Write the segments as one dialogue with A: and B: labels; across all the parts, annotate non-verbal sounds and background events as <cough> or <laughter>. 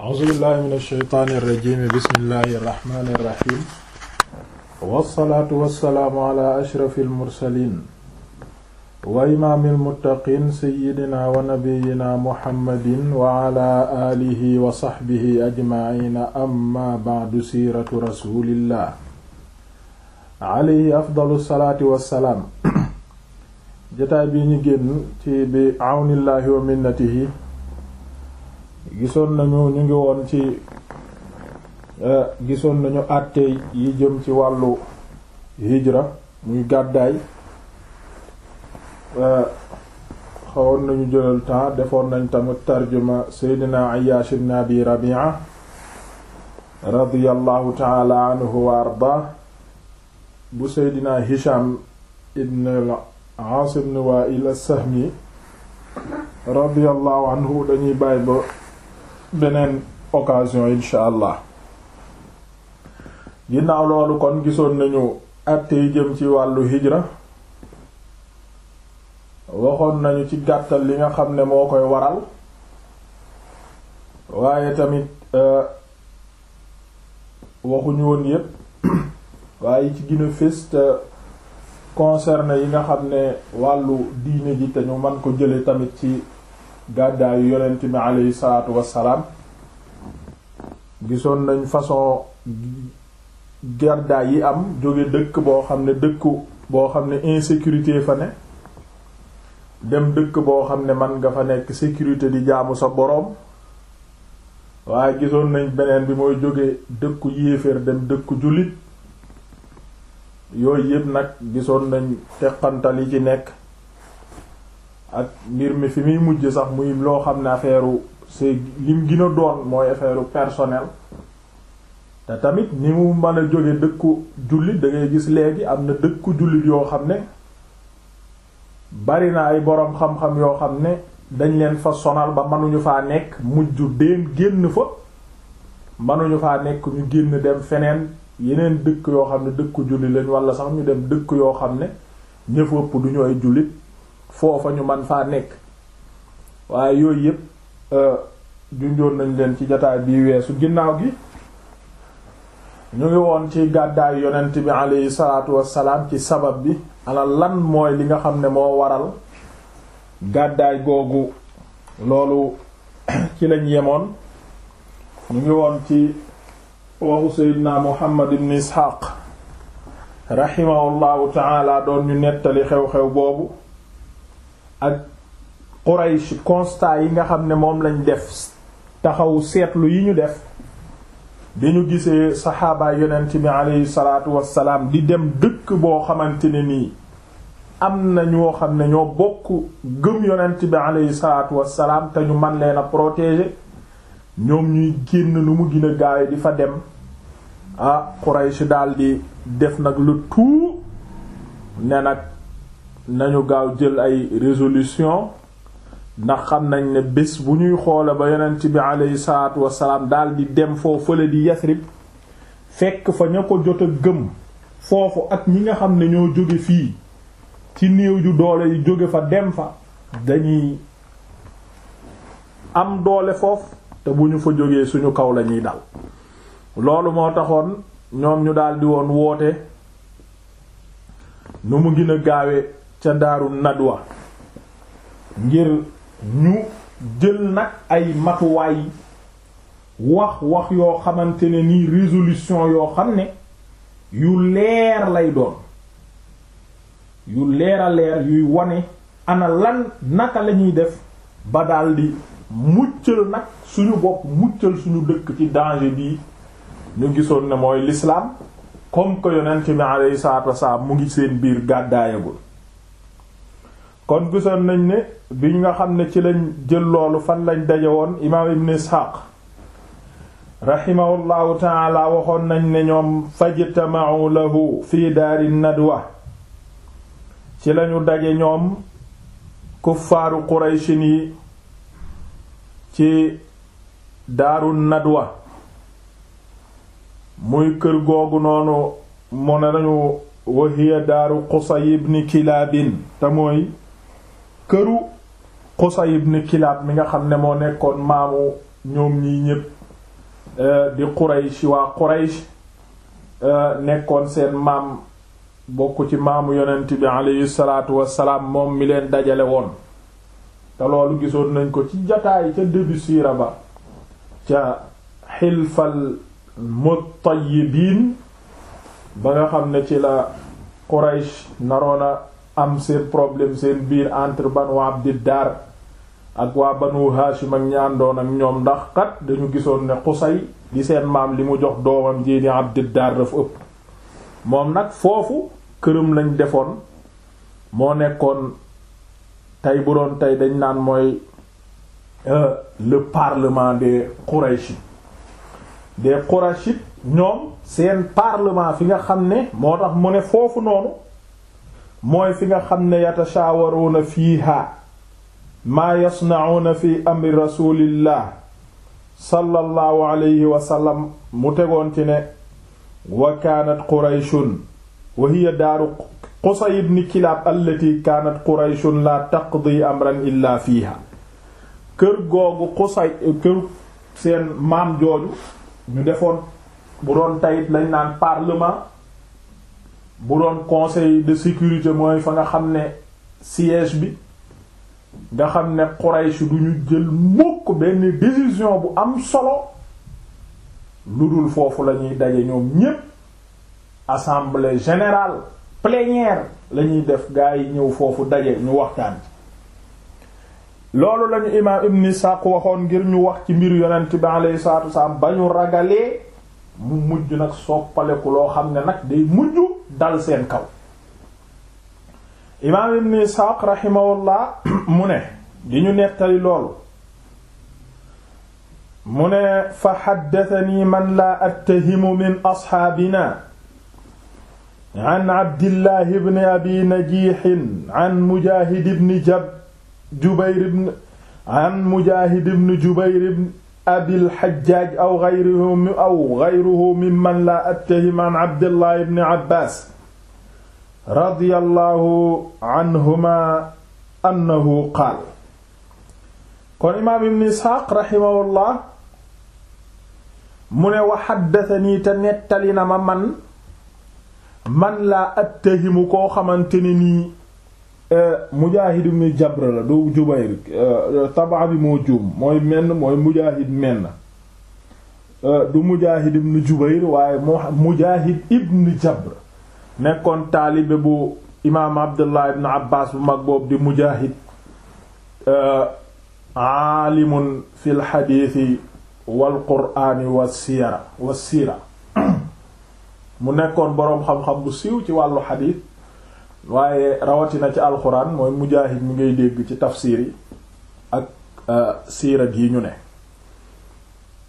A: a'uuzu billaahi mina shaytaani rajiim bismillaahi rahmaani rahiim wassalaatu wassalaamu alaa ashrafil mursaliin wa imaamil muttaqiin sayyidinaa wa nabiyyinaa muhammadin wa alaa aalihi wa sahbihi ajma'iina ammaa ba'du siiratu rasuulillah alayhi afdalu salaati wassalaam jotaay bi ñu génn ci bi awnillaahi wa minnatihi gisoon nañu ñu ngi woon ci eh, gisoon nañu àtte yi jëm ci wàllu hijra muy gàddaay eh, xawoon nañu jëlal temps defoon nañ tamit tarjuma seydina Ayyash ibn Abi Rabi'a radiyallahu ta'ala anhu wa arda bu seydina Hisham ibn al-As ibn Wa'il as-Sahmi radiyallahu anhu dañuy bàyyi ba beneen occasion incha allah ginnaaw loolu kon gisoon nañu àtte yi jëm ci wàllu hijra waxoon nañu ci gàttal li nga xam ne moo koy waral waaye tamit euh, waxuñu woon yépp <coughs> waaye ci gën a te concerné yi nga xam ne wàllu diine ji te ñu man ko jële tamit ci gàddaayu yonent bi aleyhi salaatu wassalaam gisoon nañ façon gàddaay yi am jóge dëkk boo xam ne dëkku boo xam ne insécurité fa ne dem dëkk boo xam ne man nga fa nekk sécurité di jaamu sa boroom waaye gisoon nañ beneen bi mooy jóge dëkku yéeféer dem dëkku jullit yooyu yépp nag gisoon nañ teqantal yi ci nekk ak mbir mi fi muy mujj sax muy loo xam ne affaire c'est lim gën doon mooy affaire personnel te tamit ni mu mën a jóge dëkku jullit dangay gis léegi am na dëkku jullit yoo xam ne bari na ay boroom xam-xam yoo xam ne dañ leen fa sonal ba mënuñu faa nekk mujj deen génn fa mënuñu faa nekk ñu génn dem feneen yeneen dëkk yoo xam ne dëkku jullit lañ wala sax ñu dem dëkk yoo xam ne ñëf ëpp du ñu ay jullit foofa ñu man faa nekk waaye yooyu yépp euh, junjoon nañ leen ci jataay bii weesu ginnaaw gi ñu ngi woon ci gàddaay yonent bi aleyhi salaatu wassalaam ci sabab bi ala lan mooy li nga xam ne moo waral gàddaay googu loolu <clears throat> ci lañ yemoon ñu ngi woon ci waxu seydina muhammad ibn isxaaq rahimahullahu taala doon ñu nettali xew-xew boobu ak Quraysh constat yi nga xam ne moom lañ def taxaw seetlu yi ñu def dañu gisee saxaaba yonent bi aleyhi salaatu wassalaam di dem dëkk boo xamante ne nii am na ñoo xam ne ñoo bokk gëm yonent bi aleyhi salaatu wassalaam te ñu man leen a protéger ñoom ñuy génn lu mu gën a di fa dem ah Quraysh daldi def nag lu tout ne nag nañu gaaw jël ay résolution ndax xam nañ ne bés bu ñuy xoole ba yonent bi aleyhi salaatu wasalaam daal di dem foo fële di yasrib fekk fa ña ko jot a gëm foofu ak ñi nga xam ne ñoo jóge fii ci néew ju doole yi jóge fa dem fa dañuy am doole foofu te bu ñu fa jógee suñu kaw lañuy ñuy dal loolu moo taxoon ñoom ñu daldi woon woote nu mu gën gaawe ca daaru nadwa ngir ñu jël nag ay matuwaay wax wax yoo xamante ne ni résolution yoo xam ne yu leer lay doon yu leer a yuy wane ana lan naka la def ba daldi muccal nag suñu bopp muccal suñu dëkk ci danger bii ñu gisoon ne mooy l'islam comme que yonent bi alayhi salaatu wasalaam mu ngi seen biir gàddaayagul kon gisoon nañ ne bi nga xam ne ci lañ jël loolu fan lañ daje woon imaam ibn isxaaq raximahullahu taala waxoon nañ ne ñoom fajtamau lahu fii daari nadwa ci lañu daje ñoom kuffaaru qurayshin yi ci daaru nadwa muy kër googu noonu mu ne lañu wahiya daaru qusay ibn kilaabin te këru Qusay ibn Kilaab mi nga xam ne moo nekkoon maamu ñoom ñi ñépp eh, di Quraysh waa Quraysh eh, nekkoon seen maam bokk ci maamu yonent bi alayhi salaatu wassalaam moom mi leen dajale woon te loolu gisoon nañ ko ci jataay ca début ba ca xilfal mutayibiin ba nga xam ne ci la Quraysh naroona am seen problème seen biir entre banu daar ak waa banu haashim ak ñaandoon ak ñoom ndax kat dañu gisoon ne xusay di seen maam li mu jox doomam ji di abdiddar dafa ëpp moom nag foofu këram lañ defoon moo nekkoon tey bu doon tey dañ naan mooy euh, le parlement des Quraysh des Quraysh ñoom seen parlement fi nga xam ne moo tax mu ne foofu noonu mooy fi nga xam ne yatashaawaruuna fiiha maa yasna'uuna fi amri rasulillah sallallahu alayhi wa mu tegoon ci ne wa kaanat qurayshun wa hiya daaru qusay ibn kilaab allati kaanat qurayshun la taqdi amran illaa fiiha kër googu qusay kër seen maam jooju ñu defoon bu doon tayit lañ naan parlement bu doon conseil de sécurité mooy fa nga xam ne siège bi nga xam ne Quraysh du ñu jël mukk benn décision bu am solo lu dul foofu la ñuy daje ñoom ñépp assemblée générale plénière la ñuy def gaa yi ñëw foofu daje ñu waxtaan loolu lañu imaam Ibn Saq waxoon ngir ñu wax ci mbir yonent bi alayhi salaatu wasalaam ba ñu ragalee mu mujj nag soppaleku loo xam ne nag day mujj dal seen kaw imaam ibn isxaaq raximahullah <clears throat> mu ne di ñu nettali loolu mu ne fa xaddatani man laa attahimu min asxaabina an abdillahi bni abi najiixin an mujaahid bni jab jubayr bn an mujaahid bni jubayr bn abil hajjaaj aw ghayruhu aw ghayruhu mimman laa attahim an abdullah ibn abbaas radiyallahu anhuma annahu qaal kon imaam ibn isxaaq raximahullah mu ne wa xaddatanii te nettali na ma man man laa attahimu koo xamante ne nii Euh, Mujaahid ibn Jabr la du Jubayr euh, tabaa moo juum mooy menn mooy Mujaahid menn euh, du Mujaahid ibn Jubayr waaye moo Mujaahid ibn Jabr nekkoon taalibe bu imaam Abdullah ibn Abbaas bu mag boobu di Mujaahid aalimun fil xadiisi wal quraani wa siira <coughs> mu nekkoon boroom xam-xam bu siiw ci wàllu xadiis waaye rawatina ci alxuraan mooy mujaahid mi ngay dégg ci tafsiir yi ak euh, siirat yi ñu ne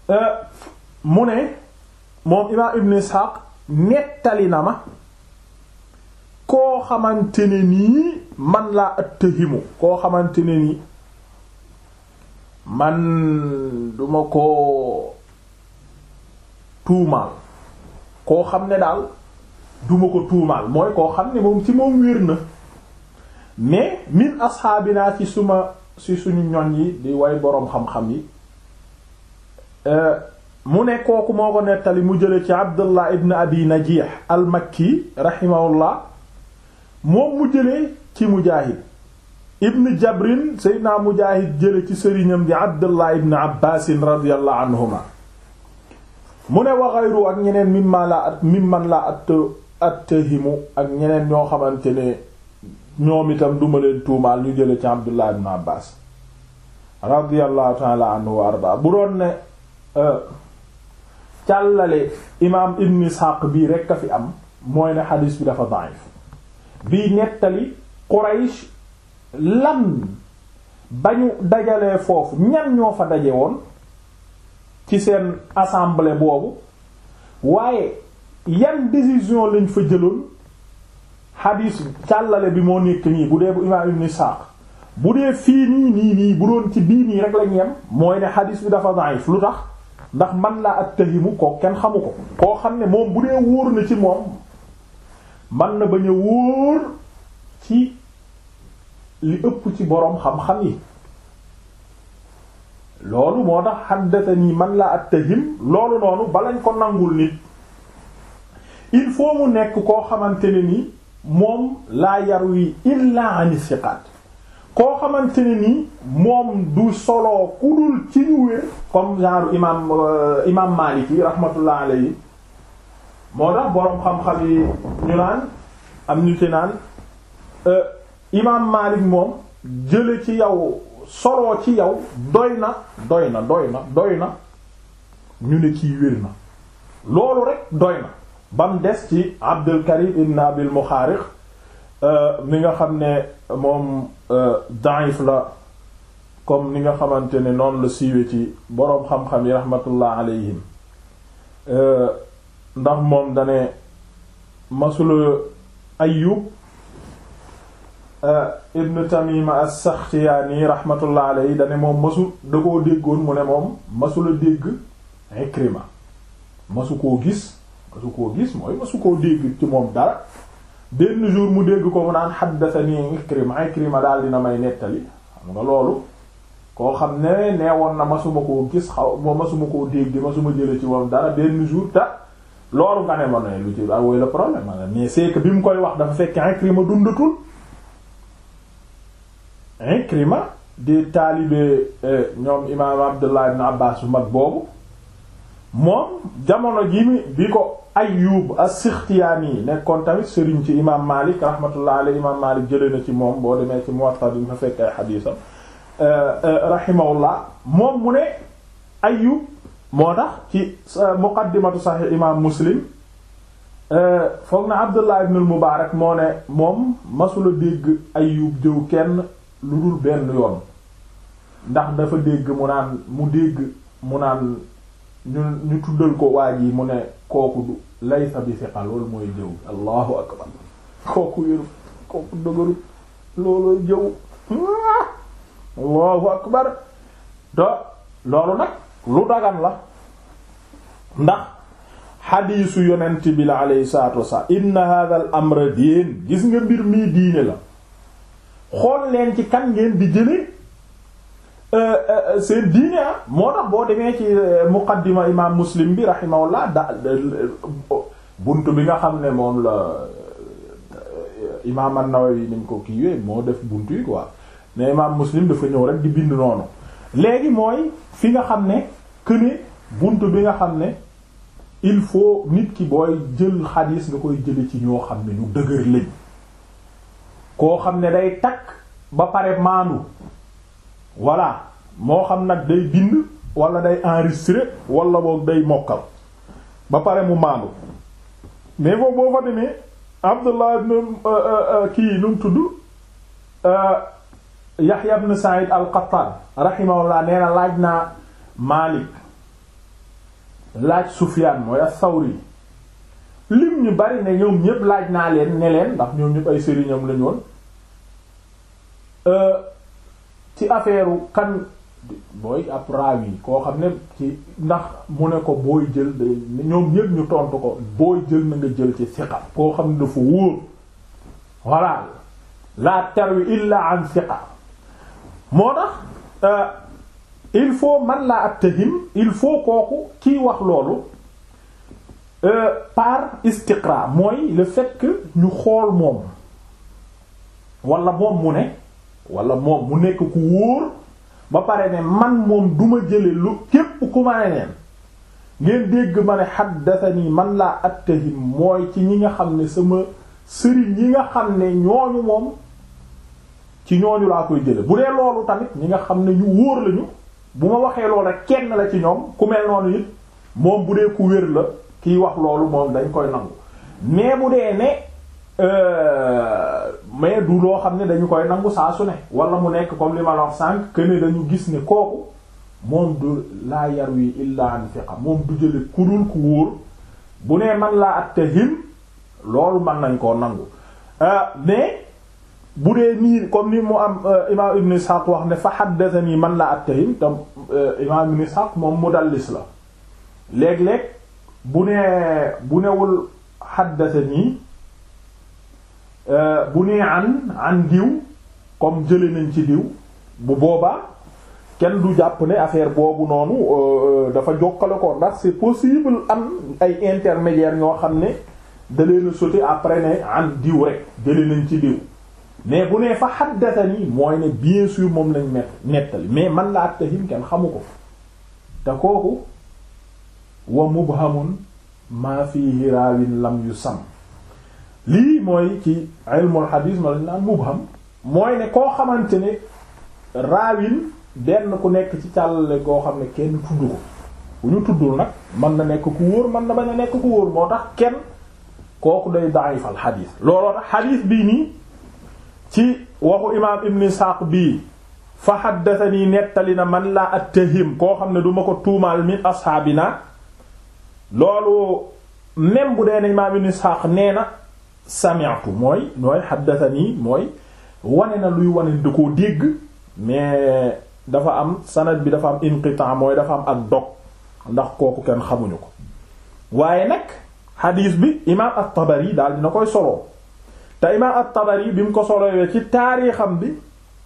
A: euh, mu ne moom imaam ibn Isxaaq nettali na ma koo xamante ne nii man laa attahimu koo xamante ne nii man duma ko tuumaal koo xam ne daal duma ko tuumaal mooy koo xam ne moom ci moom wér na mais min asxaabinaa ci suma ci suñu ñoñ yi di way boroom xam-xam yi euh, mu ne kooku moo ko nettali mu jële ci abdullah ibn abi najih al makki rahimahullah moom mu jëlee ci mujaahid ibn jabrin seydna mujaahid jële ci sëriñam di abdullah ibn abbaasin radiyallahu anhuma mu ne wa ghayru ak ñeneen mimma la at mimman la at attahimu ak ñeneen ñoo xamante ne ñoom itam duma leen tuumaal ñu jële ci Abdullah ibn Abbas radiyallahu ta'ala anhu wa arda bu doon ne euh, càllale imaam ibn Ishaq bii rekk a fi am mooy ne xadiis bi dafa da'if bii nettali Quraysh lan ba ñu dajalee foofu ñan ñoo fa daje woon ci seen assemblée boobu waaye yan décision lañ fa jëloon xadiis càllale bi moo nekk nii bu dee bu imaam ibn Isaaq bu dee fii nii nii nii bu doon ci bii nii rek lañ yem mooy ne xadiis bi dafa da'if lu tax ndax man laa attahimu ko kenn xamu ko koo xam ne moom bu dee wóor na ci moom man na bañ a wóor ci li ëpp ci boroom xam-xam yi loolu moo tax nii man laa attahim loolu noonu balañ ko nangul nit il faut mu nekk koo xamante ne ni moom laa yar yarwi illaa ani siqaat koo xamante ne ni moom du solo ku dul ci ñu wér comme genre imam euh, imam Maalik yi rahmatullah alayhi moo tax boroom xam-xam yi ñu naan am ñu ci naan euh, imam Maalik moom jële ci yow solo ci yow doy na doy na doy na doy na ñu ne kii wér na loolu rek doy na ba mu des ci Abdul Karim ibn Abil Muxaariq euh, mi nga xam ne moom euh, daif la comme ni nga xamante ne noonu la siiwe ci boroom xam-xam yi rahmatullah alayhim euh, ndax moom dane masula Ayyub ibn Tamima as-Saxtiyaani rahmatullah alayhi dane moom masu da koo déggoon mu ne moom masula dégg Ikrima masu koo gis masu koo gis mooy masu koo dégg ci moom dara benn jour mu dégg ko mu naan xaddathani Ikrima Ikrima daal dina may nettali xam nga loolu koo xam ne nee woon na masuma ko gis xaw ma masuma koo dégg masuma jële ci moom dara benn jour ta loolu nga ne ma ne lu ci awooy ah la problème ma mais c'est que bi mu koy wax dafa fekk Ikrima dundatul Ikrima di taalibe eh, ñoom imaam Abdullah ibn Abbas bu mag boobu moom jamono ji mi bi ko Ayyub as-Sikhtiyani nekkoon tamit sëriñ ci imaam Maalik rahmatullah alayhi imaam Maalik jëlee ci moom boo demee ci Muwatta bi nga fekk ay xadiisam euh, euh, rahimahullah moom mu ne Ayyub moo tax ci euh, muqaddimatu Sahih imaam Muslim foog na Abdullah ibn al-Mubarak moo ne moom masula dégg Ayyub jëw kenn lu dul benn yoon ndax dafa dégg mu naan mu dégg mu naan ñu ñu tuddal ko waa ji mu ne kooku du laysa bi siqa loolu mooy jëw allahu akbar kooku yëru kooku dëgëru looloo jëw allahu akbar te loolu nag lu dagan la ndax xadiisu yonent bi la alayhi salaatu wasalaam amra diin gis nga mbir mii diine la xool leen ci kan ngeen di jële seen diine ah moo tax boo demee ci euh, muqaddima imaam muslim bi rahimahullah da bunt bi nga xam ne moom la euh, imaam an-Nawawi ni mu ko kiiwee moo def bunt yi quoi ne imaam muslim dafa ñëw rek di bind noonu léegi mooy fi nga xam ne këne bunt bi nga xam ne il faut nit ki booy jël xadiis nga koy jële ci ñoo xam ne ñu dëgër lañ koo xam ne day takk ba pare maanu voilà moo xam nag day bind wala day enregistrer walla boog day mokkal ba pare mu maandu mais foofu boo fa demee Abdullah euh, euh, euh, kii nu tudd Yahya ibn Sa'id al-Qattan rahimahullah nee na laaj naa Malik laaj Sufyan mooy as-Sawri lim ñu bari ne ñoom ñépp laaj naa leen ne leen ndax ñoom ñépp ay sëriñam lañu woon ci affaire kan mooy ab raaw koo xam ne ci ndax mu ne ko booy jël ñoom ñépp ñu tontu ko booy jël na nga jël ci siqa koo xam ne dafa wóor voilà la tarwi illa an siqa moo tax euh, il faut man la attahim il faut kooku ciy wax loolu euh, par istiqra mooy le fait ñu xool moom wala moom mu ne wala moom mu nekk ku wóor ba pare ne man moom duma jële lu képp ku ma neen ngeen dégg ma ne xaddathani man laa at attahim mooy ci ñi nga xam ne sama sëriñ yi nga xam ne ñooñu moom ci ñooñu laa koy jële bu dee loolu tamit ñi nga xam ne ñu wóor lañu bu ma waxee loolu rek kenn la ci ñoom ku mel noonu it moom bu dee ku wér la kiy wax loolu moom dañ koy nangu mais bu dee ne euh, mais du loo xam ne dañu koy nangu saa su ne wala mu nekk comme li ma wax sànq que ne dañu gis ne kooku moom du laa yar wi illaa an fiqa moom du jële kudul ku wóor bu nee man laa at tahim loolu mën nañ koo nangu euh, mais bu dee nii comme ni mu am euh, imam ibne ishaq wax ne fa xaddathani man laa at tahim te euh, imam ibne ishaq moom mudallis la léeg-léeg bu nee bu newul xaddathani Euh, bu nee an an diw comme jële ci diw bu boobaa kenn du jàpp ne affaire boobu noonu euh, euh, dafa jokkale ko ndax c'est possible am ay intermédiaire ñoo xam ne da leen a sauté après ne an diw rek jële ci diw mais bu nee fa xaddatani mooy ne bien sûr moom lañ mett nettali mais man la attahim kenn xamu ko te kooku wa mubhamun maa fihi raawin lam yusam lii mooy ci ilmul hadis ma lañ naan mubham mooy ne koo xamante ne raawin benn ku nekk ci càllale koo xam ne kenn tudd ko bu ñu tuddul nag mën na nekk ku wóor mën na bañ a nekk ku wóor moo tax kenn kooku day daayifal xadiis looloo tax xadiis bii nii ci waxu imaam ibn Isaaq bii fa xaddatanii nettali na man laa attahim koo xam ne duma ko tuumaal min asxaabi naa loolu même bu dee na imaam ibn Isaaq nee na sami'tu mooy mooy haddathani mooy wane na luy wane da koo dégg mais dafa am sanad bi dafa am inqitaa mooy dafa am ak dog ndax kooku kenn xamuñu ko waaye nag xadiis bi imaam at-Tabari daal na koy soloo te imaam ak tabari bi mu ko solowee ci taarixam bi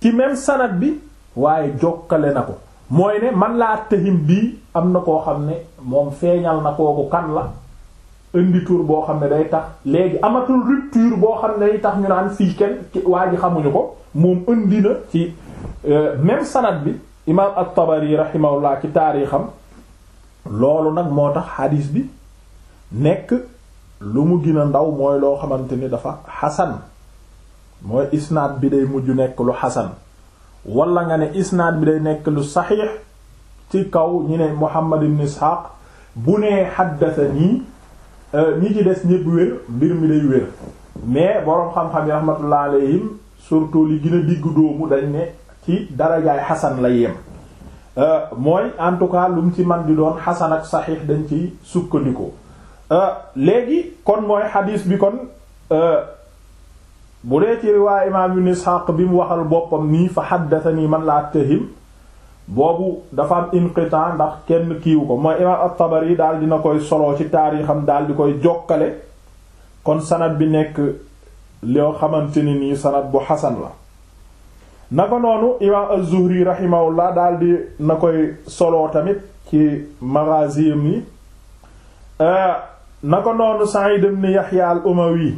A: ci même sanad bi waaye jokkale na ko mooy ne man laa tëhim bii am na koo xam ne moom feeñal na kooku kan la indi tur boo xam ne day tax léegi amatul rupture boo xam ne day tax ñu naan fii kenn waa ji xamuñu ko moom indi na ci euh, même sanad bi imaam at-Tabari rahimahullah ci taarixam loolu nag moo tax hadis bi nekk lu mu gën a ndaw mooy loo xamante ni dafa xasan mooy isnaad bi day mujj nekk lu xasan wala nga ne isnaad bi day nekk lu saxiix ci kaw ñu ne Muhammad ibn Ishaq bu nee xaddasa nii Euh, ñi ci des ñépp wér mbir mi day wér mais boroom xam-xam yi rahmatullah alayhim surtout li gën a diggu doomu dañ ne ci darajaay xasan la yem euh, mooy en tout cas lu ci man di doon xasan ak saxiix dañ ci sukkandiku euh, léegi kon mooy xadiis bi kon bu dee ci riwaay imaam ibn Isxaaq bi mu waxal boppam nii fa xaddatani man laa tahim boobu dafa am inqitan ndax kenn kiiw ko mooy imaam at-Tabari daal dina koy soloo ci taarixam daal di koy jokkale kon sanad bi nekk loo xamante ni nii sanad bu xasan la naka noonu imaam az-Zuhri rahimahullah daal di na koy soloo tamit ci maghaziyam yi euh, naka noonu Sa'id ibn Yahya al-Umawi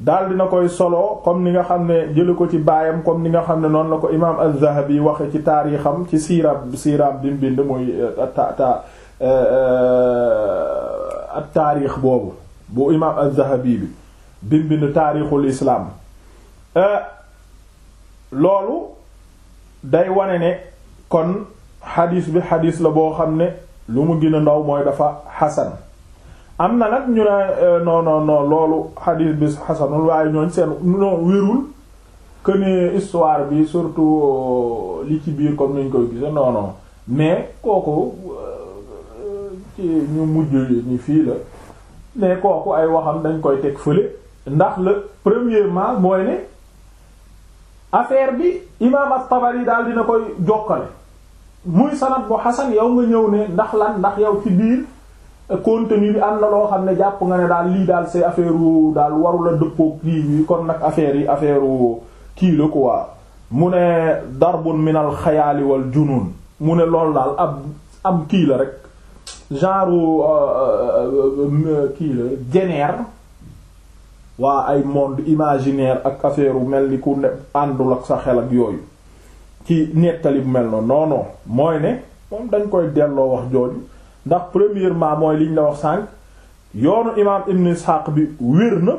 A: daal na koy solo comme ni nga xam ne jële ko ci baayam comme ni nga xam ne noonu la ko imaam az-Zahabi waxe ci taarixam ci siiraab siiraab bi mu bind muy euh, ta ta euh, ak taarix boobu bu imaam az bi bi mu bind taarixul islaam euh, loolu day wane ne kon xadiis bi xadiis la boo xam ne lu mu gën ndaw mooy dafa xasan am na nag ñu ne euh, non non non loolu hadith bi xasanul waaye ñooñ seen non wérul que ne histoire bi surtout euh, li ci biir comme ni ñu koy gise non non mais kooku euh, ci ñu mujj ñi fii la mais kooku ay waxam dañ koy teg fële ndax le premièrement mooy ne affaire bi imaam at-Tabari daal dina koy jokkale muy sanad bu xasan yow nga ñëw ne ndax lan ndax yow ci biir contenu bi am na loo xam ne jàpp nga ne daal lii daal c'est affaire daal warula dëppoo kii bi kon nag affaire yi affaire kii la quoi mu ne darbun minal xayaali wal mu ne lool daal ab am kii la rek genre euh, euh, euh, kii la jeneer waa ay monde imaginaire ak affaire mel ni ku ne àndul ak sa xel ak yooyu ci nettali bu mel noonu non mooy ne moom dañ koy delloo wax jooju ndax premièrement mooy liñ la wax sànq yoonu imaam Ibn Ishaq bi wér na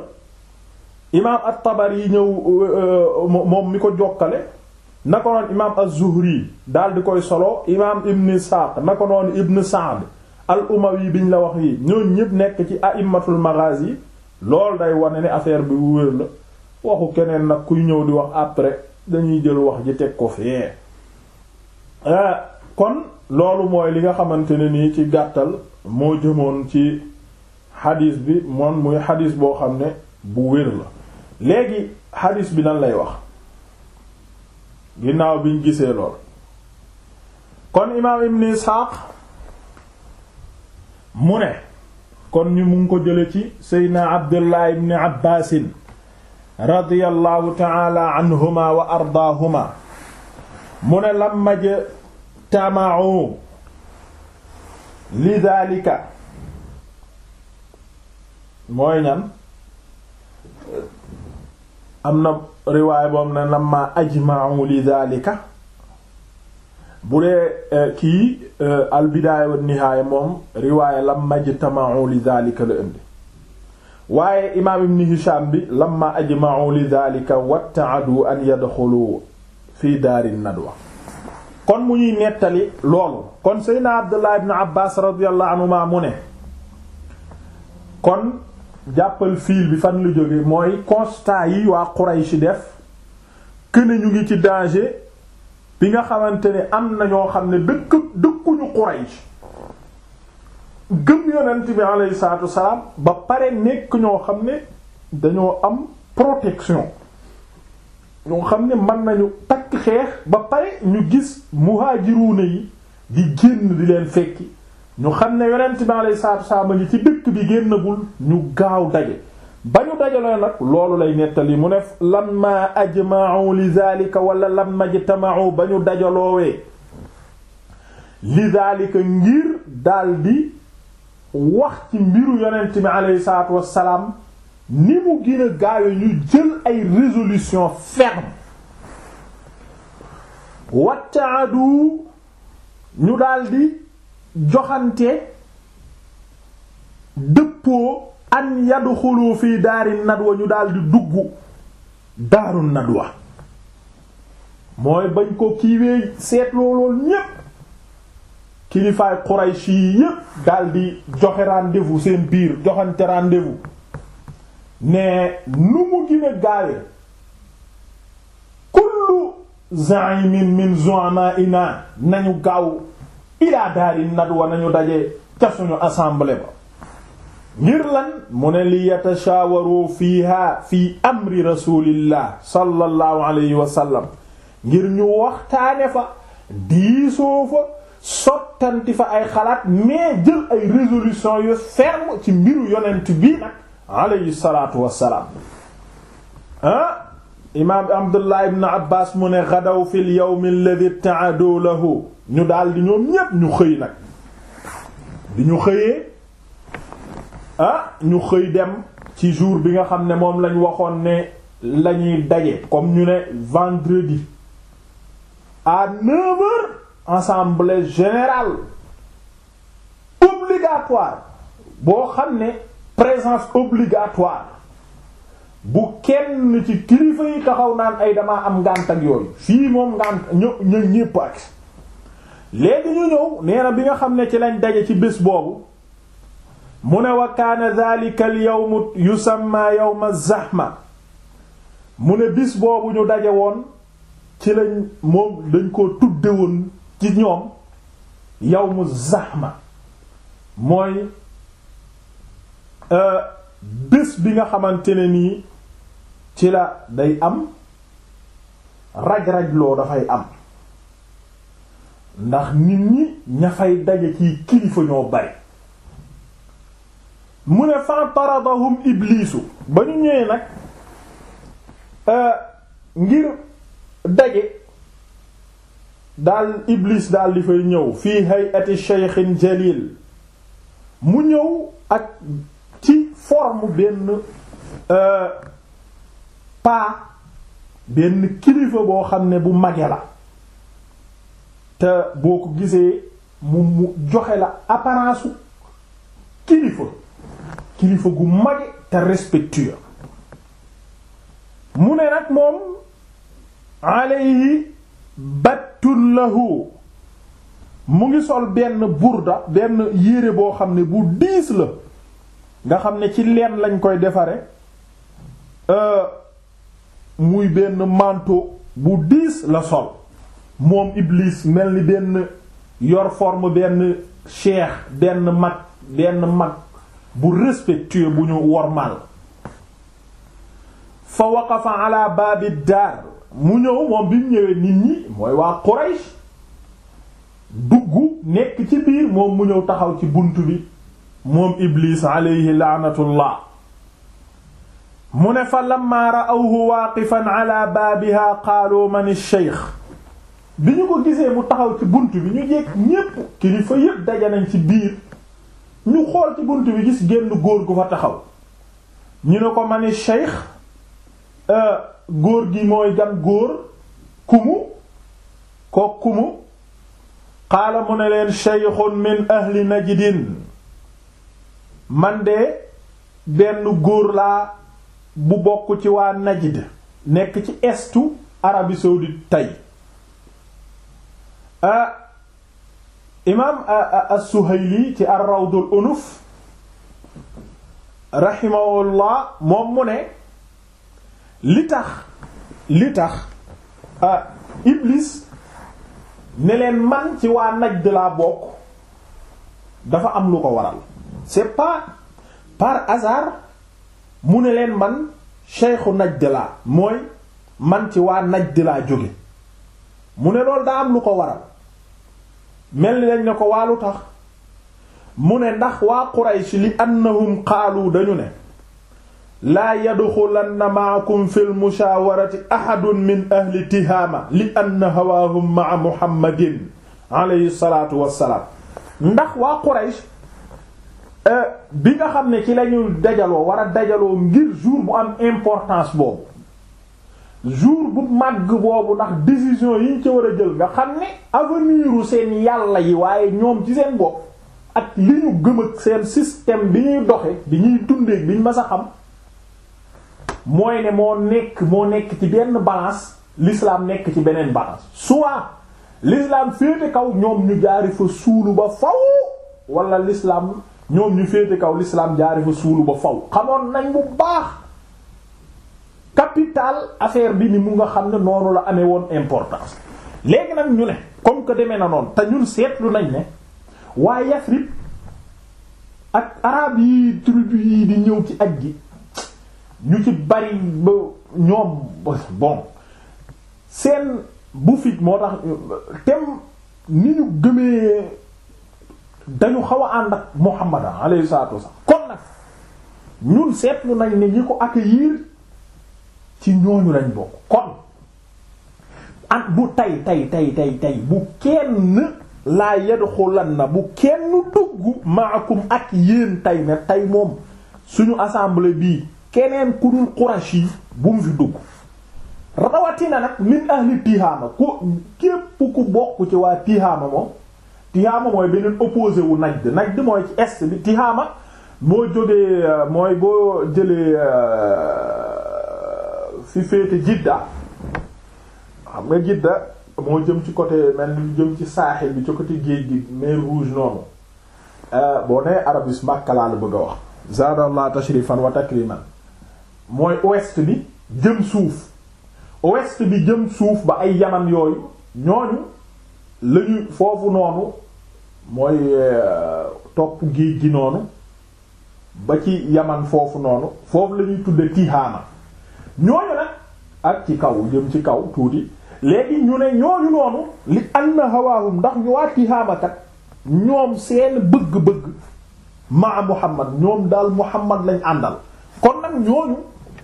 A: imaam at-Tabari yi ñëw euh, moom mi ko jokkale na ko noonu imaam az-Zuhri daal di koy solo imaam Ibn Ishaq na ko noonu Ibn Sa'd al-Umawi biñ la wax yi ñooñu ñëpp nekk ci a'immatul maghazi yi loolu day wane ne affaire bi wér la waxu keneen nag kuy ñëw di wax après dañuy jël wax ji teg ko fee. Euh, kon loolu mooy li nga xamante ne nii ci gàttal moo jëmoon ci xadis bi moom muy xadis boo xam ne bu wér la léegi xadis bi lan lay wax ginnaaw biñ gisee lool kon imaam ibn Isxaaq mu ne kon ni mu ngi ko jële ci seydna Abdullah ibn Abbaasin radiyallahu taala anhuma wa ardaahuma mu ne lam maje ijtama'u li daalika mooy ñan am na riwaay boom ne lamma ajma'u li daalika bu dee eh, kii eh, al bidaaya nihaaya moom riwaaya lamma ijtama'u li daalika la indi waaye imaam ibn Hisham bi lamma ajma'u li daalika watta'adu an yadxulu fi daarin nadwa kon mu ñuy nettali loolu kon seydna abdullah ibn abbas radiyallahu anhuma mu ne kon jàppal fiil bi fan lu jóge mooy constant yi waa Quraysh def këne ñu ngi ci danger bi nga xamante ne am na ñoo xam ne dëkk dëkkuñu Quraysh gëm yonent bi alayhi salaatu wasalaam ba pare nekk ñoo xam ne dañoo am protection yoo xam ne mën nañu takk xeex ba pare ñu gis muhaajiruuna yi di génn di leen fekki ñu xam ne yonent bi alayhi salaatu wasallam a ci dëkk bi génnagul ñu gaaw daje ba ñu dajaloo nag loolu lay nettali mu ne lamma ajma'u li zaalika wala lamma ijtama'u ba ñu dajaloowee li zaalika ngir daldi wax ci mbiru yonent bi alayhi salaatu wasallam ni mu gën a ñu jël ay résolution ferme waccaadu ñu daldi joxante dëppoo an yadxulu fi daari nadwa ñu daldi dugg daaru nadwa mooy bañ ko kiiwee seetloo lool ñépp kilifaay Qurayshi yi yépp daldi joxe rendez seen biir joxante rendez ne nu mu gën a gaawe kullu za'imin min zu'ama'ina nañu gaaw ila daari nadwa nañu daje ca suñu assemblée ba ngir lan mu ne li yatashaawaru fiiha fi amri rasulillah sallallahu alayhi wa sallam ngir ñu waxtaane fa diisoo fa sottanti fa ay xalaat mais jël ay résolution yu ferme ci mbiru yonent bi nag alayhi salaatu wassalaam ah imaam abdullah ibn abbas mu ne xadaw fil yawmi alladhi ta'adu lahu ñu daldi di ñoom ñépp ñu xëy nag di ñu xëyee ah ñu xëy dem ci jour bi nga xam ne moom lañ waxoon ne lañuy daje comme ñu ne vendredi à neuf heures assemblée générale obligatoire boo xam ne présence obligatoire bu kenn ci kilifa yi taxaw naan ay dama am ngànt ak yooyu fii moom ngànt ñë ñë ñépp ak léegi ñu ñëw nee na bi nga xam ne ci lañ daje ci bis boobu mu ne wa kaana dhalika al yawm yusamma yawm az mu ne bis boobu ñu daje woon ci lañ moom dañ ko tudde woon ci ñoom yawmu zahma mooy Euh, bés bi nga xamante ne nii ci la day am raj-raj loo dafay am ndax nit ñi ña fay daje ci kilifa ñoo bari mu ne fa taradahum ibliisu ba ñu ñëwee nag euh, ngir daje daal iblis daal di fay ñëw fii hayati shaykhin jalil mu ñëw ak ci forme benn euh, paa benn kilifa boo xam ne bu mage la te boo ko gisee mu mu joxe la apparence kilifa kilifa gu mage te respectueux mu ne nag moom alayhi battul lahu mu ngi sol benn burda benn yére boo xam ne bu diis la nga xam ne ci leen lañ koy defaree euh, muy benn manteau bu diis la sol moom Iblis mel ni benn yor forme benn cheikh benn mag benn mag bu respectueux bu ñu wormal fa waqafa ala babi daar mu ñëw moom bi mu ñëwee nit ñi mooy waa Quraysh dugg nekk ci biir moom mu ñëw taxaw ci bunt bi moom Iblis alayhi mu ne fa lamma ra'awhu waaqifan ala baabiha qaalu man ash-shaykh bi ñu ko gisee mu taxaw ci bunt bi ñu jekk ñépp kilifa yépp daje ci biir ñu xool ci bunt bi gis génn góor gu fa taxaw ñu ne ko man ash-shaykh euh, góor gi mooy gan góor kumu ko kumu qaala mu ne leen shaykhun min ahli najdin man de benn góor laa bu bokk ci waa Najd nekk ci estu Arabie saoudite tey ah imaam as-Suhayli ci ar-Rawdul Unuf rahimahullah moom mu ne li tax li tax ah Iblis ne leen man ci waa Najd laa bokk dafa am lu ko waral. c'est pas par hasard mu ne leen man cheikhu Najd laa mooy man ci waa Najd laa jóge mu ne loolu daa am lu ko waral mel ni dañ ne ko waa lu tax mu ne ndax waa Quraysh li annahum qaalu dañu ne laa yadxulanna maakum fi lmushawarati ahadun min ahli tihaama li anna hawaahum maa muhammadin alayhi salaatu wassalaam ndax waa Quraysh Euh, bi nga xam ne ci lañu dajaloo war a dajaloo ngir jour bu am importance boobu jour bu màgg boobu ndax décision yi ci war a jël nga xam ne aveniru seen yàlla yi waaye ñoom ci seen bopp ak li ñu gëm seen système bi ñuy doxe di ñuy dundee bi ñu mës a xam mooy ne moo nekk moo nekk ci benn balance l'islam nekk ci beneen balance soit l'islam féete kaw ñoom ñu jaari fa suulu ba faw wala l'islam ñoom ñu féete kaw lislaam jaari fa suulu ba faw xamoon nañ bu baax capital affaire bi ni mu nga xam ne noonu la amee woon importance léegi nag ñu ne comme que demee na noonu te ñun seetlu nañ ne waaye Yasrib ak arab yi tribu yi di ñëw ci aj gi ñu ci bari ba ñoom bon seen bu fit moo tax tem ni ñu gëmee dañu xaw a ànd ak Muhammad alayhi salaatu wasallam kon nag ñun seetlu nañ ne ñi ko ak accueillir ci ñooñu lañ bokk kon ak bu tey tey tey tey tay bu kenn laa yadxulan na bu kenn dugg maakum ak yéen tey ne tay moom suñu assemblée bii keneen ku dul Qurashi bu mu fi dugg rawatina nag min ahli Tihaama ku képp ku bokk ci waa Tihaama moom Tihaama mooy beneen opposé wu Najd Najd mooy ci est bi Tihaama boo jógee euh, mooy boo jëlee euh, fi féete Jidda xam nga Jidda moo jëm ci côté mel ni jëm ci saaxil bi ci côté géej gi mer rouge noonu euh, boo nee arabis Makka bu la bëgg a wax zaadallah tashrifan takriman mooy ouest bi jëm suuf ouest bi jëm suuf ba ay yaman yooyu ñooñu lañuy foofu noonu mooy euh, topp géej gi noonu ba ci yaman foofu noonu foofu la ñuy tudde tihaama ñooñu nag ak ci kaw jëm ci kaw tuuti léegi ñu ne ñooñu noonu li ann hawaahum ndax ñu waa tihaama kat ñoom seen bëgg-bëgg maa muhammad ñoom daal muhammad lañ àndal kon nag ñooñu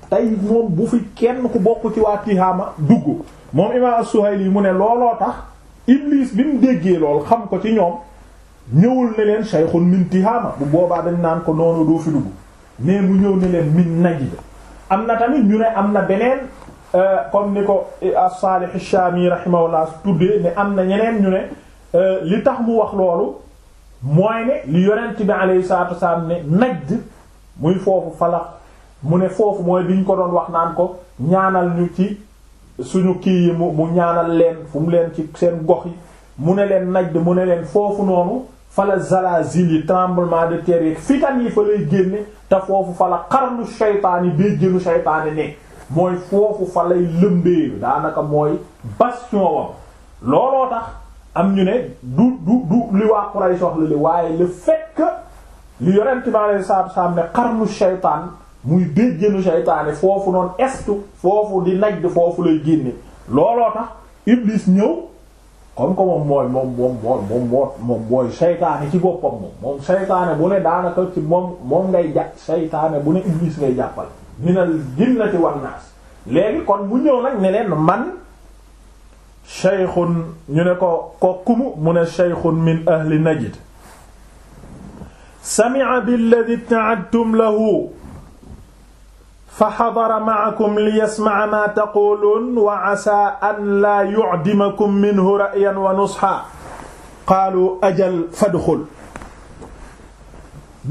A: tey moom bu fi kenn ku bokk ci waa tihaama dugg moom imaam as-Suhayli mu ne looloo tax iblis bi mu déggee lool xam ko ci ñoom ñëwul ne leen shaykhun min Tihaama bu boobaa dañ naan ko noonu doo fi dugg mais mu ñëw ne leen min Najd am na tamit ñu ne am na beneen euh, comme ni ko as-Salih ash-Shami rahimahullah tuddee ne am na ñeneen ñu ne euh, li tax mu wax loolu mooy ne li yonent bi alayhi salaatu wasalaam ne Najd muy foofu falax mu ne foofu mooy biñ ko doon wax naan ko ñaanal ñu ci suñu kii yi mu ñaanal leen fu mu leen ci seen gox yi mu ne leen Najd mu ne leen foofu noonu fala zalazil yi tremblement de terre yi fitan yi fa lay génne te foofu fa la xarnu shaytaan yi bee génnu yi ne mooy foofu fa lay lëmbee daanaka mooy bastion wam looloo tax am ñu ne du du du li waa Quraysh soxla li waaye le fait que li yorent bi alei salatu salaam ne xarnu shaytaan muy béjjënu shaytaan foofu noonu estu foofu di naj foofu lay génne looloo tax Iblis ñëw comme que moom mooy moom moom moom moom moo moom mooy saytaane ci boppam moom moom saytaane bu ne daanaka ci moom moom ngay jàpp saytaane bu ne iblis ngay jàppal minal jinnati wan naas léegi kon bu ñëw nag ne leen man shaykhun ñu ne ko kokkumu mu ne shaykhun min ahli najd sami'a billadhi ta'adtum lahu fa xadara maakum li yasmaa maa taquluun wa asaa an laa yu'dimakum minhu ra'yan wa nusxa qaalu ajal fadxul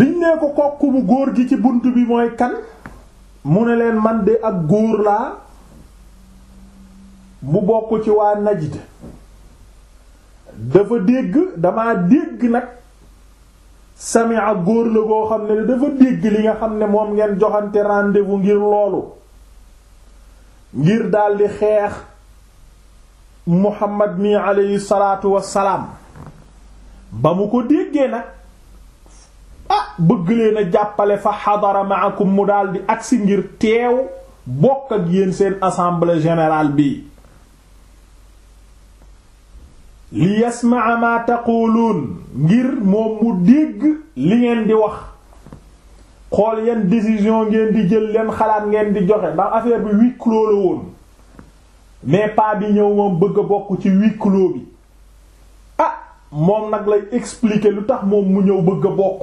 A: biñ nee ko kokku góor gi ci bunt bi mooy kan mu ne leen man de ak góor laa bu bokk ci waa Najd dafa dégg dama dégg nag sami'a góor la goo xam ne dafa dégg li nga xam ne moom ngeen joxante rendez-vous ngir loolu ngir daldi xeex Muhammad mi aleyhi salaatu wassalaam ba mu ko déggee nag ah bëgg leen a jàppale fa xadara ma'akum mu daldi agsi ngir teew bokk ak yéen seen assemblée générale bi li yasmaa ma taquluun ngir moom mu dégg li ngeen di wax xool yan décision ngeen di jël leen xalaat ngeen di joxe ndax affaire bi huis clos la woon mais paa bi ñëw moom bëgg a bokk ci huis clos bi ah moom nag lay expliquer lu tax moom mu ñëw bëgg a bokk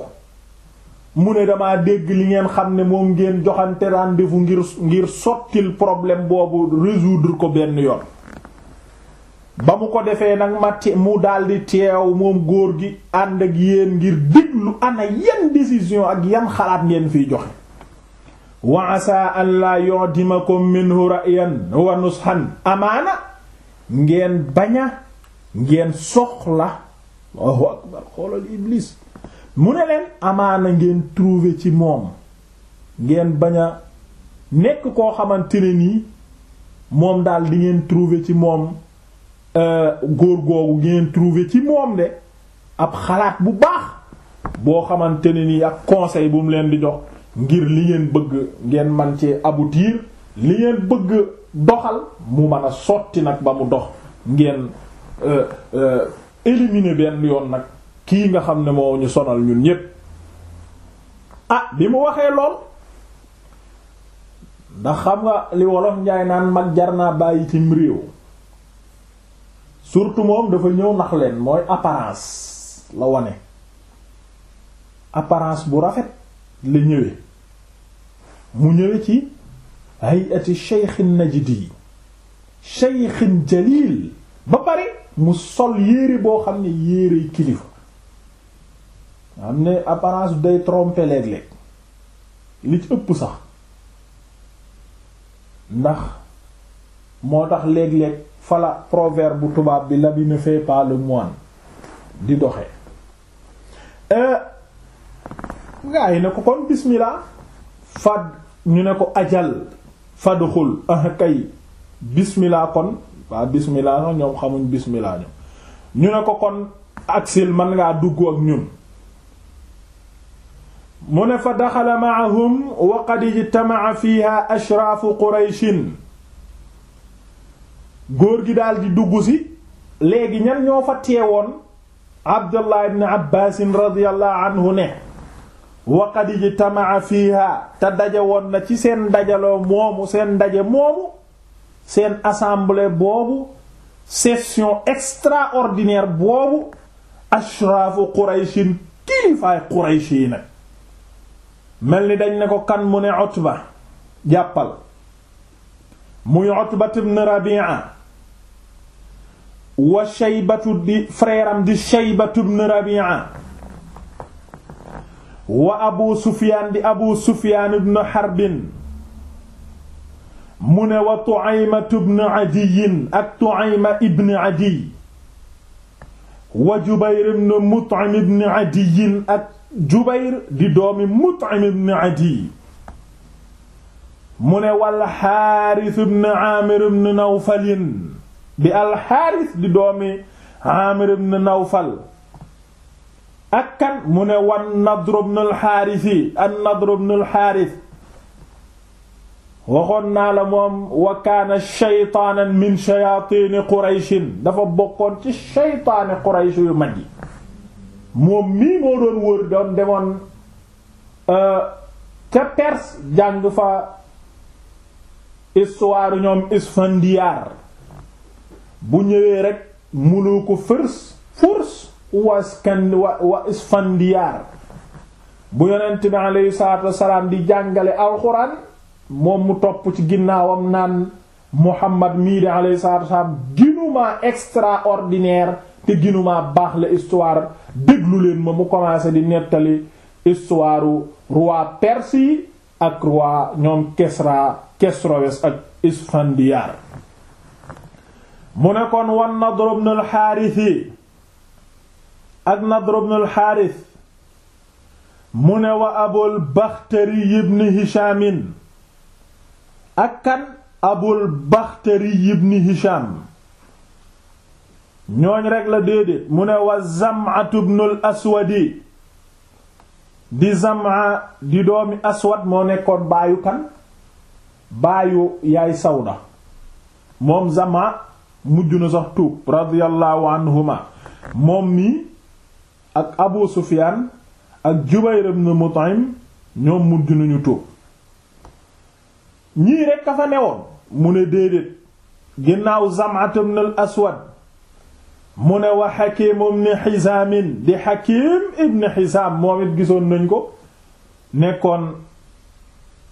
A: mu ne damaa dégg li ngeen xam ne moom ngeen joxante rendez ngir ngir sottil problème boobu résoudre ko benn yoon ba mu ko defee nag ma te mu daldi teew moom góor gi ànd ak yéen ngir déglu ana yan décision ak yan xalaat ngeen fiy joxe wa asaa an laa yu'dimakum minhu ra'yan wa nushan amaana ngeen baña ngeen soxla mu ne leen amaana ngeen trouver ci moom ngeen baña nekk koo xamante nii moom daal di ngeen trouver ci moom Euh, góor googu ngeen trouver ci moom de ab xalaat bu baax boo xamante ne nii ak conseil bu mu leen di dox ngir li ngeen bëgg ngeen man ci aboutir li ngeen bëgg doxal mu mën a sotti nag ba mu dox ngeen euh, euh, éliminer benn yoon nag kii nga xam ne moo ñu sonal ñun ñépp a ah, bi mu waxee lool ndax xam nga li wolof njaay naan mag jar naa bàyyi tim réew surtout moom dafa ñëw nax leen mooy apparence la wane apparence bu rafet la ñëwee mu ñëwee ci hayati shaykhin najdi shaykhin jalil ba pare mu sol yére boo xam ne yérey kilifa am ne apparence bi day tromper léeg li ci ëpp sax ndax moo tax léeg-léeg fala proverbe bu tubaab bi l'habit ne fait pas di doxee euh, gaa ne ko kon bismillah fad ñu ne ko ajal fadxul ah, kay bismillah kon waa bismillah no ñoom xamuñ bismillah ñoom ñu ne ko kon aksil man ngaa dugg ak ñun mu ne fa daxala maahum wa qad ijtama'a fiha ashraafu qurayshin góor gi daal di dugg si léegi ñan ñoo fa teewoon abdullah ibn abbasin radiyallahu anhu ne wa ji ijtamaa fiiha te daje woon na ci seen dajaloo moomu seen daje moomu seen assemblée boobu session extraordinaire boobu ashraafu qurayshin kilifaay quraysh mel ni dañ ne ko kan mu ne Utba jàppal muy Utba ibn Rabi'a wa shaybatu di frère am di shaybatu ibn rabi'a wa abu sufyaan di abu sufyaan ibn harbin mu ne wa tu'aymatu ibn adiyin ak tu'ayma ibn adiy wa jubayr ibn mut'im ibn adiyin ak jubayr di doomi mut'im ibn adiy mu ne wal haaris ibn aamir ibn nawfalin bi alxaaris di doomi amir ibn nawfal ak kan mu ne wan nadru ibn alxaaris an nadru alxaaris waxoon naa la moom wa kaana shaytaanan min shayaatini qurayshin dafa bokkoon ci shaytaani quraysh yu mag moom mii moo doon wër doon demoon euh, ca Perse jàng fa histoire ñoom Isfandiyaar bu ñëwee rek muluku Furs Furs wa Iskan wa wa bu yonent bi aleyhi salaatu wasalaam di jàngale alxuraan moom mu topp ci ginnaawam naan Muhammad mii di aleyhi salaatu wasalaam extraordinaire te ginuma baax la histoire déglu leen ma mu commencé di nettali histoire roi perse ak roi ñoom Kesrowes ak Isfandiyaar mu ne kon wan Nadr ibn ak Nadr ibn mu ne wa Abul Bakhtari ibn Hishaam ak kan Abul Bakhtari ibn Hishaam ñooñ rek la déedéet mu ne wa Zam'atu ibn al-Aswadi di Zam'a di doomi Aswad moo nekkoon baayu kan baayu yaay Sawda moom Zam'a mujj na sax tuub radiyallahu anhuma moom nii ak Abu Sufyaan ak Jubayr ibn Mut'im ñoom mujj nañu tuub ñii rekk a fa newoon mu ne déedéet ginnaaw Zam'at ibn al-Aswad mu ne wa Hakim ibn Hizam di Hakim ibn Hizam moom it gisoon nañ ko nekkoon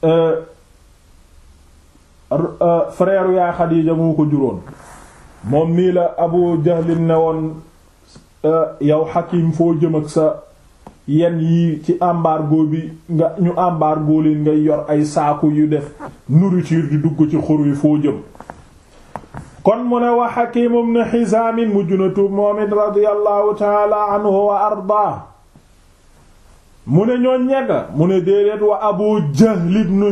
A: euh, euh, frère yaa Xadiija moo ko juróon moom mii la Abu Jahl ne woon yow Hakim foo jëm ak sa yen yi ci embargo bi nga ñu embargo leen ngay yor ay saaku yu def nourriture di dugg ci xur wi foo jëm kon mu ne wa Hakim ibn Hizam mujj na tuub moom it radiyallahu anhu wa arda mu ne ñoo ñegga mu ne déedéet wa Abu Jahl ibn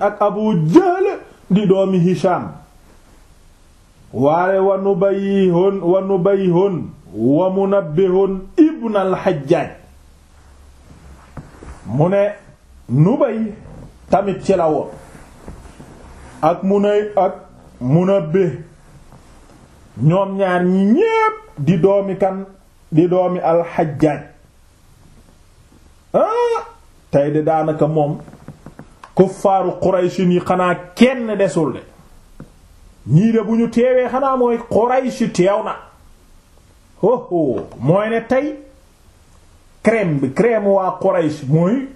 A: ak Abu Jahl di doomi Hisham waare wa nubayihun wa nubayihun wa munabbihun ibn al-Hajjaj mu ne nubay tamit ci la ak munay ak munabbih ñoom ñaar ñi ñépp di doomi kan di doomi al-Hajjaj ah! tey de daanaka moom kuffaaru Quraysh yi xanaa kenn desul de ñii de bu ñu teewee xanaa mooy Quraysh teew na hoho mooy ne tey crème bi crème waa Quraysh mooy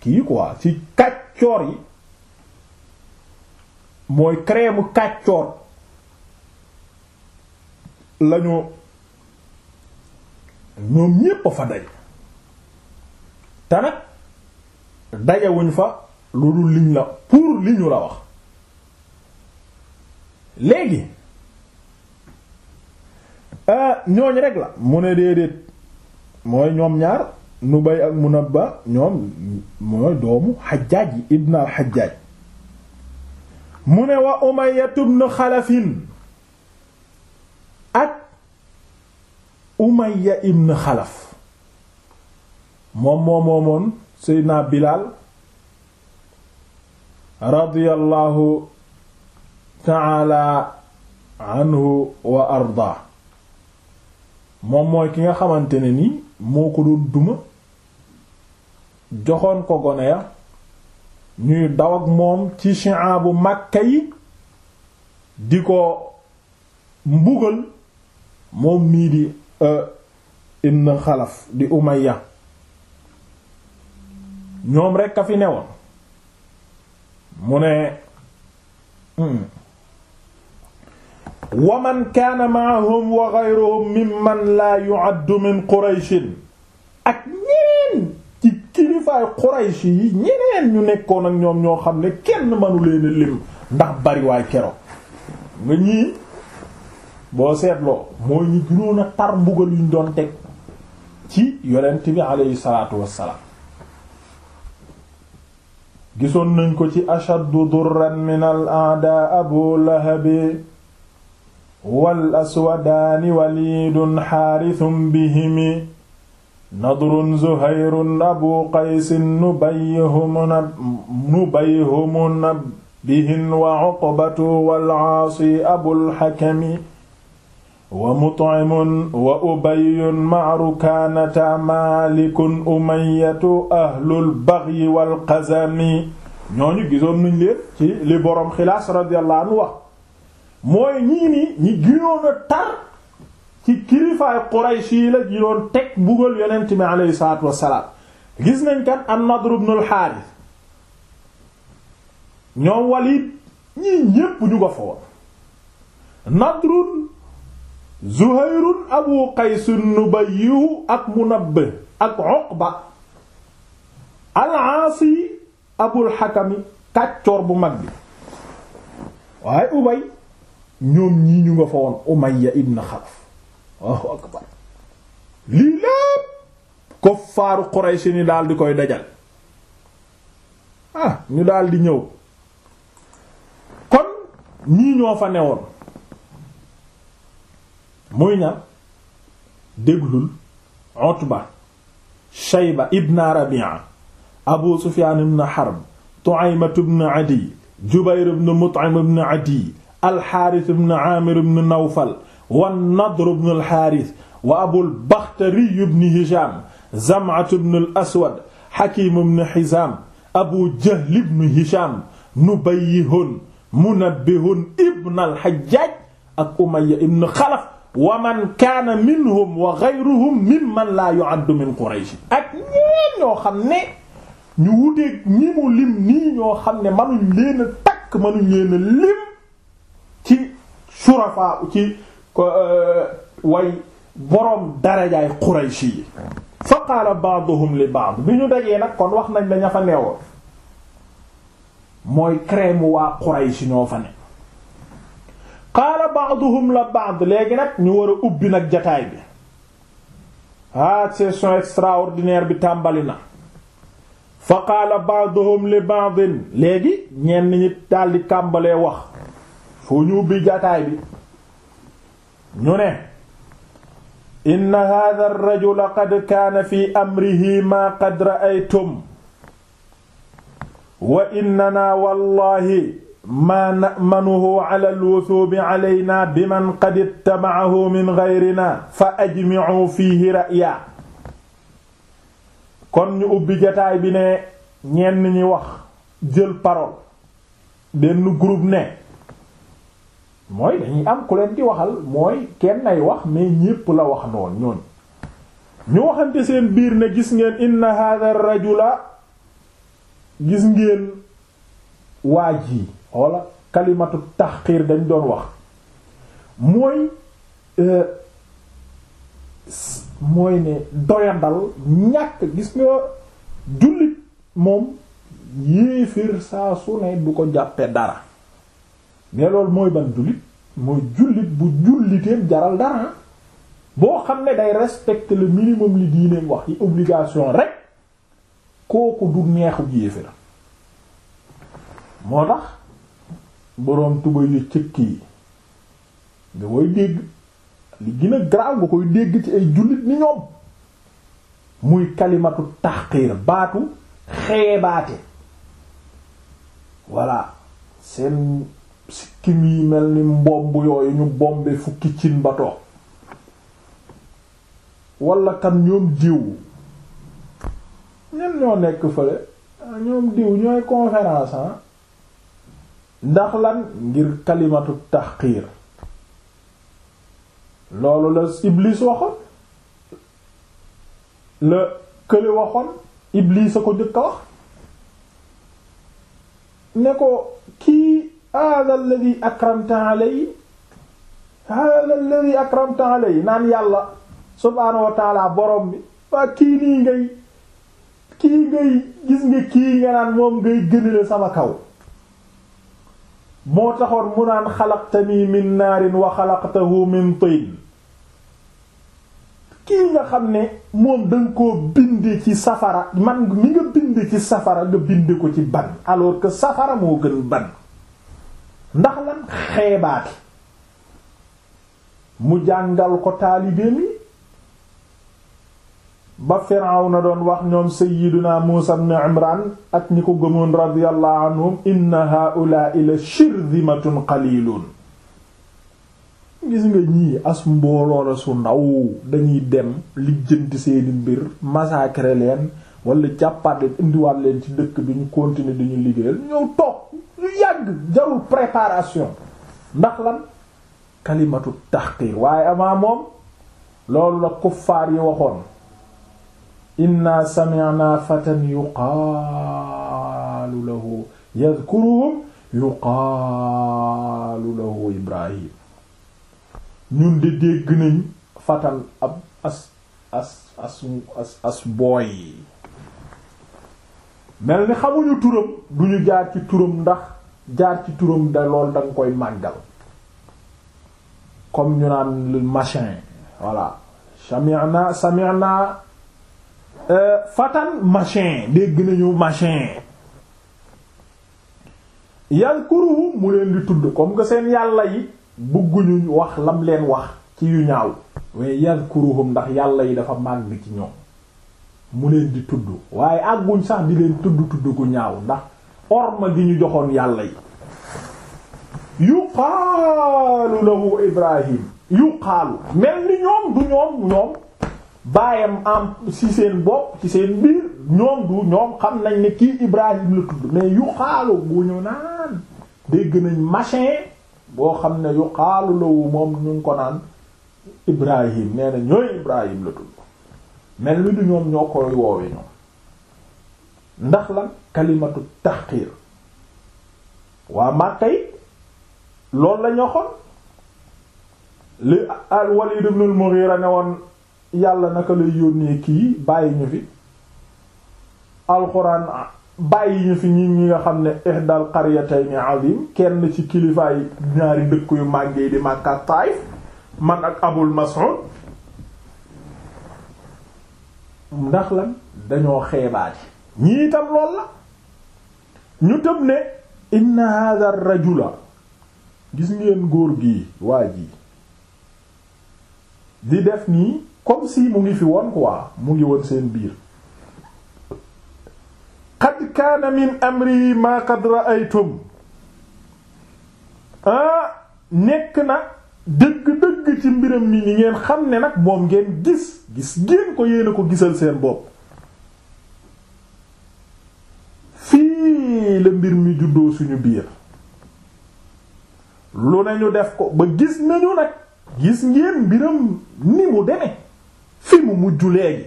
A: kii quoi ci kàccoor yi mooy crème kàccoor lañu ñoom ñépp fa daj te nag dajewuñ fa lu dul liñ la pour li la wax léegi euh, ñooñ rek la mu ne déedéet mooy ñoom ñaar Nubay ak Munabba ñoom mooy doomu Hajjaaj yi ibn al mu ne wa Umayya ibn Xalaf ak Umayya ibn Xalaf moom moo moomoon Seydina Bilaal radiyallahu taala anhu wa arda moom mooy ki nga xamante ne ni moo ko doon duma joxoon ko gone ya ñuy daw ak moom ci chi'a bu Makka yi di ko mbugal moom mii di euh, ibn Xalaf di Umayya ñoom rekk a fi newoon mu ne hmm. wa man kaana ma'ahum wa ghayruhum mimman laa yu'addu min qurayshin ak ñeneen ci kilifaay quraysh yi ñeneen ñu nekkoon ak ñoom ñoo xam ne kenn mënu leen a lim ndax bariwaay keroog nga ñii boo seetloo mooy ñi gënoon a tar mbugal yuñ doon teg ci yonent bi aleyhi salaatu wassalaam gisoon nañ ko ci ashaddu durran min al abu lahabi wal aswadaani waliidun xaarisum bihimi nadrun zuhayrun abu qaysin nubayhumun bihin wa uqbatu wal aasi abul xakami wa mut'imun wa ubayyun ma'rukaanata maalikun umayyatu ahlul bagyi wal qazami ñooñu gisoon nañ leen ci li boroom xilaas radiyallahu anhu wax mooy ñii ñi ginoon tar ci kilifaay Quraysh yi la ginoon teg bugal yonent mi aleyhi salaatu wassalaam gis nañ kat an-Nadr ibn al-Harith ñoom ñii ñépp ñu ko Nadrun Zuhayrun Abu Qays an-Nubayyu ak Munabbih ak Uqba al Abul Hakam kàccoor bu mag bi waaye Ubay ñoom ñii ñu nga fa woon Umayya ibn Xalaf Allahu akbar lii lépp kuffaaru ni daal di koy dajal ah ñu daal ñëw kon ñii ñoo fa newoon muy ña déglul Utba Shayba ibn Rabi'a Abu Sufyan ibn Harb Tu'ayma ibn Adi Jubayr ibn Mut'im ibn Adi alxaaris bnu aamir bnu nawfal wa nadr bnu alxaaris wa abul baxtari bnu hisaam zam'at bnu al-aswad xakiim bnu hisaam abu jahl bnu hisaam nubayyihun munabbihun ibn al-hajjaaj ak umayya ibn xalaf wa man kaana minhum wa ghayruhum mimman laa yu'addu min quraysh ak ñeen ñoo xam ne ñu wuteeg ñi mu lim nii ñoo xam ne mënuñ leen a takk mënuñ leen a lim shurafa ci euh, way boroom darajaay qurayshi yi fa qaala ba'duhum li ba'd bi ñu dajee nag kon wax nañ daña fa neewoon mooy crème waa qurayshi ñoo fa ne qaala ba'duhum la ba'd léegi nag ñu war a ubbi nag jataay bi ah session extraordinaire bi tàmbali na fa qaala ba'duhum li ba'd léegi ñenn ñi daldi tàmbalee wax foo ñu ubbi jataay bi ñu ne inna hadha ar-rajula qad kaana fi amrihi ma qad ra'aytum wa innana wallahi ma na'manuhu ala al-wuthubi alayna biman qad ittaba'ahu min ghayrina fa ajmi'u fihi ra'ya kon ñu ubbi jataay bi ne ñenn ñi wax jël parole benn groupe ne mooy dañuy am ku leen di waxal mooy kenn ay wax mais ñépp la wax noonu ñooñ ñu waxante seen biir na gis ngeen inna hadha rajula gis ngeen waa ji walla kalimatu tahqiir dañ doon wax mooy euh, mooy ne doyandal ñàkk gis nga jullit moom yéefir saa su ne du ko jàppe dara mais loolu mooy ban jullit mooy jullit bu julliteem jaral dara boo xam ne day respecter le minimum li diineem wax ci obligation rek kooku du neexu yéefér moo tax boroom tuba yu cëkk yi nga koy dégg li gën a nga koy dégg ci ay jullit ni ñoom muy kalimatu tahqir baatu xeebaate voilà seen sikkim yi mel ni mbobb yooyu ñu bombe fukki cin ba toog wala kan ñoom diw ñen ñoo nekk fële ah, ñoom diw ñooy conférence ah. ndax lan ngir kalimatu tahqiir loolu la iblis waxoon la kële waxoon iblis a ko jëkk wax ne ko kii hada alladi akramta alay hada alladi akramta alay naan yàlla subhaanahu wa borom bi waa kii nii ngay kii ngay gis nga kii nga naan moom ngay gënale sama kaw moo taxoon mu naan xalaqtani min naarin wa xalaqtahu min tin kii nga xam ne moom danga koo bind ci safara man mi nga bind ci safara nga bind ko ci ban alors que safara moo gën ban ndax lan xeebaati mu jàngal ko taalibeem yi ba Firawna doon wax ñoom sayyiduna Muusa ibn Imran ak ñi ko gëmoon radiyallahu anhum inna haa'ulaa'i la shirzimatun qaliilun gis nga ñii as mbooloo la su ndaw dañuy dem lijjanti seeni mbir massacrer leen wala jàppaat leen indiwaat leen ci dëkk bi ñu continuer di ñu liggéeyal ñëw toog lu yàgg jarul préparation ndax lan kalimatu tahqiir waaye amaa moom loolu la kuffaar yi waxoon inna sami'na fatan yuqaalu lahu yadhkuruhum yuqaalu lahu ibrahim ñun de dégg nañ fatan ab as as as as as booy mel ni xamuñu turam du ñu jaar ci turam ndax jaar ci turam da lool danga koy màggal comme ñu naan le machin voilà sami'na sami'na euh, fatan machin dégg nañu machin yadkuruhum mu leen di tudd comme que seen yàlla yi bëgguñu wax lam leen wax ci yu ñaaw waaye yadkuruhum ndax yàlla yi dafa màgg ci ñoom mu leen di tudd waaye àgguñ sax di leen tudd tudd gu ñaaw ndax orma gi ñu joxoon yàlla yi yuqaalu lahu ibrahim yuqaalu mel ni ñoom du ñoom ñoom baayam am ci seen bopp ci seen biir ñoom du ñoom xam nañ ne kii ibrahim la tudd mais yuqaalu bu ñu naan dégg nañ machin boo xam ne yuqaalu lahu moom ñu ngi ko naan ibrahim nee na ñooy ibrahim la tudd mel ni du ñoom ñoo koy woowe ñoom ndax la kalimatu tahqiir waa Makka yi loolu lañu waxoon li al-Walid ibn al-Mughira ne woon yàlla naka lay yónnee kii bàyyi ñu fi alxuraan bàyyi ñu fi ñi ñi nga xam ne ihdal qaryatayn azim kenn ci kilifaay ñaari dëkk yu màggee di Makka Taif man ak Abul Mas'ud ndax lan dañoo xeebaati ñii itam lool la ñu tëb ne inna hadha rajula gis ngeen góor gi waa ji di def nii comme si mu ngi fi woon waa mu ngi woon seen biir qad kaana min amri ma qad ra'aytum ah nekk na dëgg-dëgg ci mbiram mi ni ngeen xam ne nag moom ngeen gis gis ngeen ko yéen a ko gisal seen bopp fii la mbir mi juddoo suñu biir lu ne ñu def ko ba gis nañu nag gis ngeen mbiram ni mu deme fi mu mujj léegi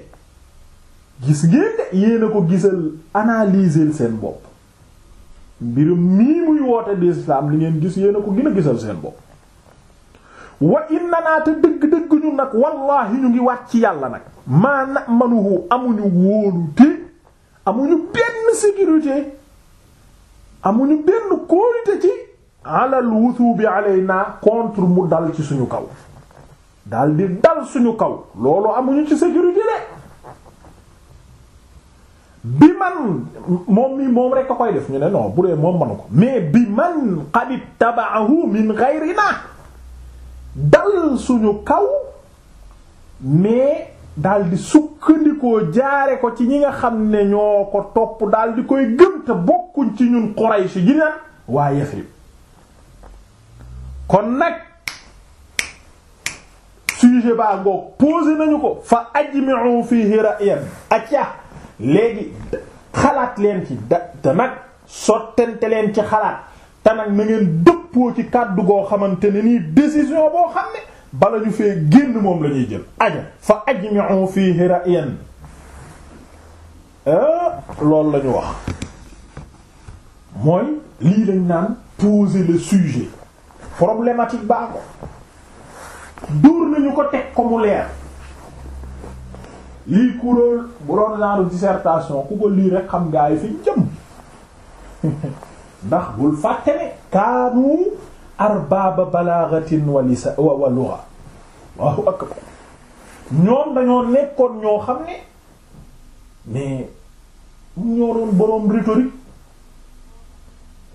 A: gis ngeen de yéen a ko gisal analyser seen bopp mbiram nii muy woote di islam li ngeen gis yéen a ko gën a gisal seen bopp wa inna naa te dëgg-dëgg ñu nag wallahi ñu ngi wàcc yàlla nag maa na manuhu amuñu wóolute amuñu benn sécurité amuñu benn kóolute ci alal wutubi alayna contre mu dal ci suñu kaw dal di dal suñu kaw loolu amuñu ci sécurité de bi man moom mi moom rek a koy def ñu ne non bu dee moom manu ko mais bi man qad tabaahu min ghayrina dal suñu kaw mais daal di sukkandikoo jaare ko ci ñi nga xam ne ñoo ko topp daal di koy gëm te bokkuñ ci ñun Quraysh gi naan waa Yathrib kon nag sujet baa ngoog posé nañu ko fa ajmi'u fihi ra'yan acca léegi xalaat leen ci da te nag sottente leen ci xalaat te nag na ngeen dëppoo ci kàddu goo xamante ne nii décision boo xam ne bala ñu fee génn moom lañuy jël aja fa ajmi'u fii ra'yan ah, loolu la ñu wax mooy lii lañ naan poser le sujet problématique baa ko dóor nañu ko teg ko mu leer lii kuréel bu doon genre dissertation ku ko lii rek xam gaa yi fi jëm <laughs> ndax bul fàtte ne kaanu arbaaba balaaxatin wa lisa wa lugha waaw akbar ñoom dañoo nekkoon ñoo xam ne mais ñoo doon boroom rhétorique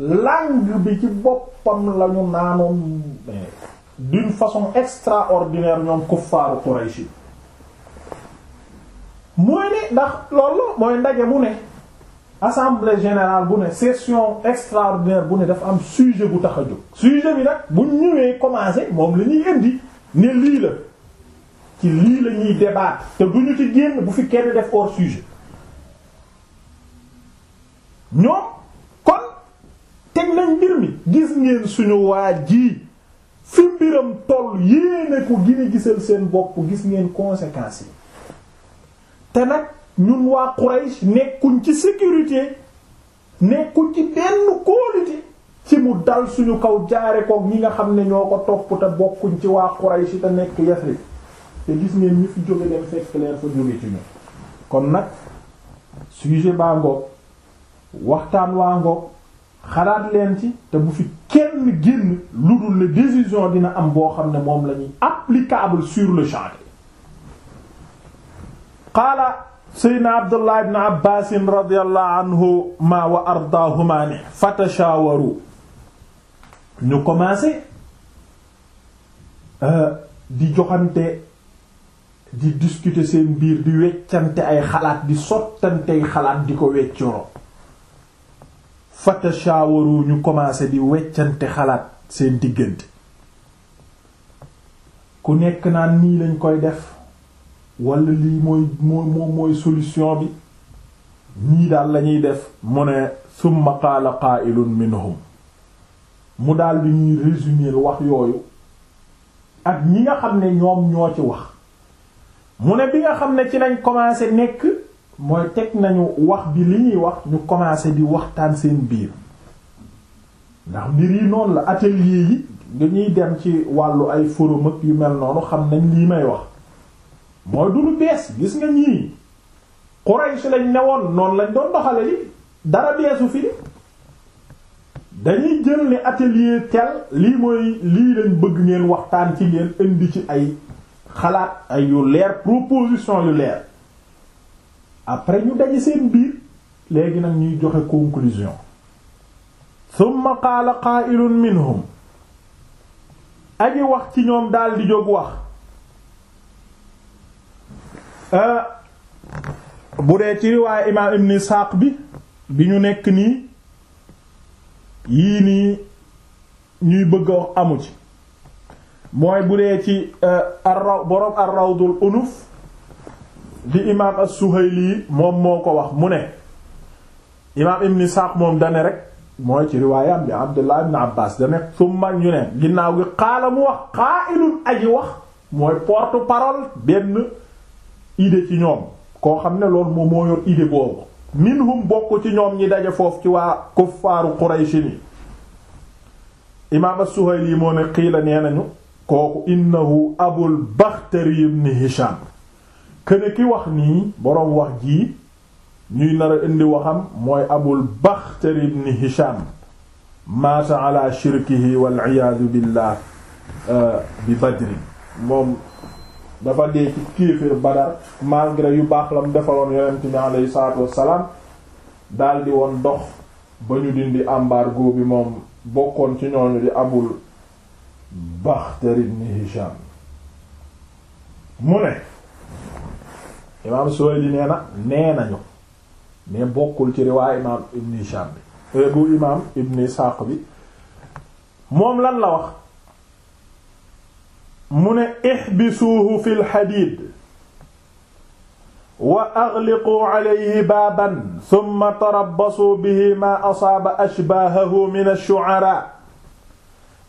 A: langue bi ci boppam lañu naanoon d'une façon extraordinaire ñoom kuffaaru Quraysh mooy ne ndax loolu mooy ndaje mu ne assemblée général bu ne session extraordinaire bu ne dafa am sujet bu tax a jóg sujet bi nag bu ñëwee commencé moom lañuy ñuy indi ne lii la ci lii lañuy ñuy te bu ñu ci génn bu fi kenn def hors sujet ñoom kon teg nañ mbir mi gis ngeen suñu waa ji fi mbiram toll yéene ko gine gisal seen bokk gis ngeen conséquences yi te nag ñun waa Quraysh nekkuñ ci sécurité nekkuñ ci benn kóolute ci mu dal suñu kaw jaare ko ñi nga xam ne ñoo ko topp te bokkuñ ci waa Quraysh te nekk Yasrib te gis ngeen ñu fi jóge dem fekk leen fa jóge ci ñu kon nag sujet baa ngoog waxtaan waa ngoog xalaat leen ci te bu fi kenn génn lu dul ne décision dina am boo xam ne moom la ñuy applicable sur le champ qaala seydna abdullah ibn abbasin radiallahu anhuma wa ardaahuma ne fatashaawaru ñu commencé euh, di joxante di discuter seen biir di weccante ay xalaat di sottantey xalaat di ko weccoroo fatashaawaru ñu commencé di weccante xalaat seen diggante ku nekk naan nii lañ koy def wala lii mooy mooy moom mooy solution bi nii daal lañuy def mu ne summa qaala qaa'ilun minhum mu daal bi ñuy résumer wax yooyu ak ñi nga xam ne ñoom ñoo ci wax mu ne bi nga xam ne ci nañ commencé nekk mooy teg nañu wax bi li ñuy wax ñu commencé di waxtaan seen biir ndax mbir yi noonu la atelier yi dañuy dem ci wàllu ay forum ak yu mel noonu xam nañ lii may wax mooy du lu bees gis nga ñii Quraysh lañ newoon noonu lañ doon doxale li dara beesu fi dañuy jël ne atelier tel lii mooy lii lañ bëgg ngeen waxtaan ci ngeen indi ci ay xalaat ay yu leer proposition yu leer après ñu daje seen biir léegi nag ñuy joxe conclusion summa qaala qaa'ilun minhum aji wax ci ñoom daal di jóg wax Euh, bu dee ci riwaaya imaam ibn Isaaq bi bi ñu nekk nii yii nii ñuy bëgg amu ci mooy bu dee ci euh, ar boroom ar-rawdul unuf di imaam as moom moo ko wax mu ne imaam ibn Isaaq moom dane rek mooy ci riwaayam bi Abdullah ibn Abbas dane summa ñu ne ginnaaw gi xaala wax xaa ilul aji wax mooy porte parole benn idée ci ñoom koo xam ne lool moom moo yor idée boobu minhum bokk ci ñoom ñi daje foofu ci waa kuffaaru Quraysh ni imaam as-Suhayli moo ne qiila nee nañu kooku innahu Abul Bakhtari ibn Hisham kene ki wax nii boroom wax jii ñuy nar indi waxam mooy Abul Bakhtari ibn Hisham maata ala shirkihi wal iyaadu billah bi Badr moom dafa dee ci kéefër Badar malgré yu baax lam defaloon yonent bi alayhi salaatu wassalaam daldi woon dox ba ñu dindi embargo bi moom bokkoon ci ñooñu di Abul Baxtar ibn Hisham mu ne imaam Suwaydi nee na nee mais bokkul ci riwaay imaam ibn Hisham bi eh, bu imaam ibn Isaaq bi moom lan la wax mu ne ixbisuuhu fi lxadiid wa axliquu calayhi baaban summa tarabbasuu bihi maa asaaba ashbaahahu min ashucaraa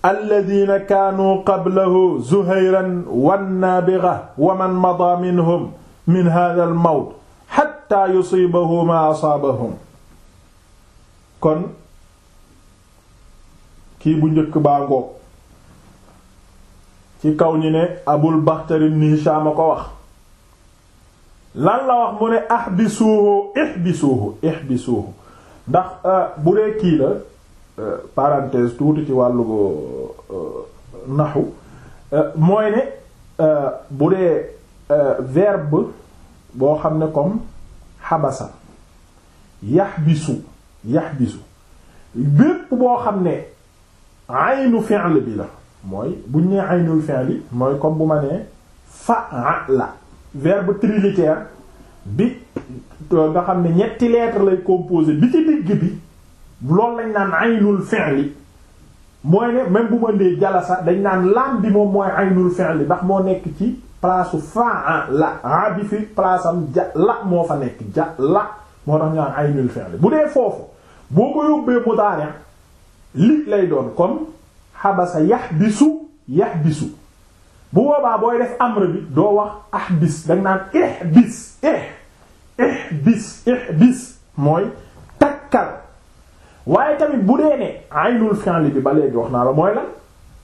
A: alladiina kaanuu qablahu zuhayran wannaabiga wa man madaa minhum min haadha almawt xatta yusiibahu maa asaabahum kon kii bu njëkk baa ngoog ci kaw ñi ne abul baxtari ibn Hisham ko wax lan la wax mu ne ahbisuhu ihbisuhu ihbisuhu ndax euh, bu dee kii la euh, parenthèse tuuti ci wàllu euh, naxu mooy ne bu dee verbe boo xam ne comme xabasa yaxbisu yaxbisu bépp boo xam ne aynu fi'l bi la mooy buñ nee aynul fi'li mooy comme bu ma nee fa'ala verbe trilitère bi euh, nga xam ne ñetti lettre lay composé bi ci digg bi loolu lañ naan aynul fi'li mooy ne même bu ma ndee jalasa dañ naan lam bi moom mooy aynul fi'li ndax moo nekk ci place fa'ala a bi fi place am ja la moo fa nekk ja la moo tax ñu naan aynul fi'li bu dee foofu boo ko yóbbee mudaari' li lay doon comme xabasa yaxbisu yaxbisu bu boobaa booy def amr bi doo wax ahbis danga naan ihbis ih ihbis ihbis mooy takkal waaye tamit bu dee ne aynul fi'l bi ba léegi wax naa la mooy lan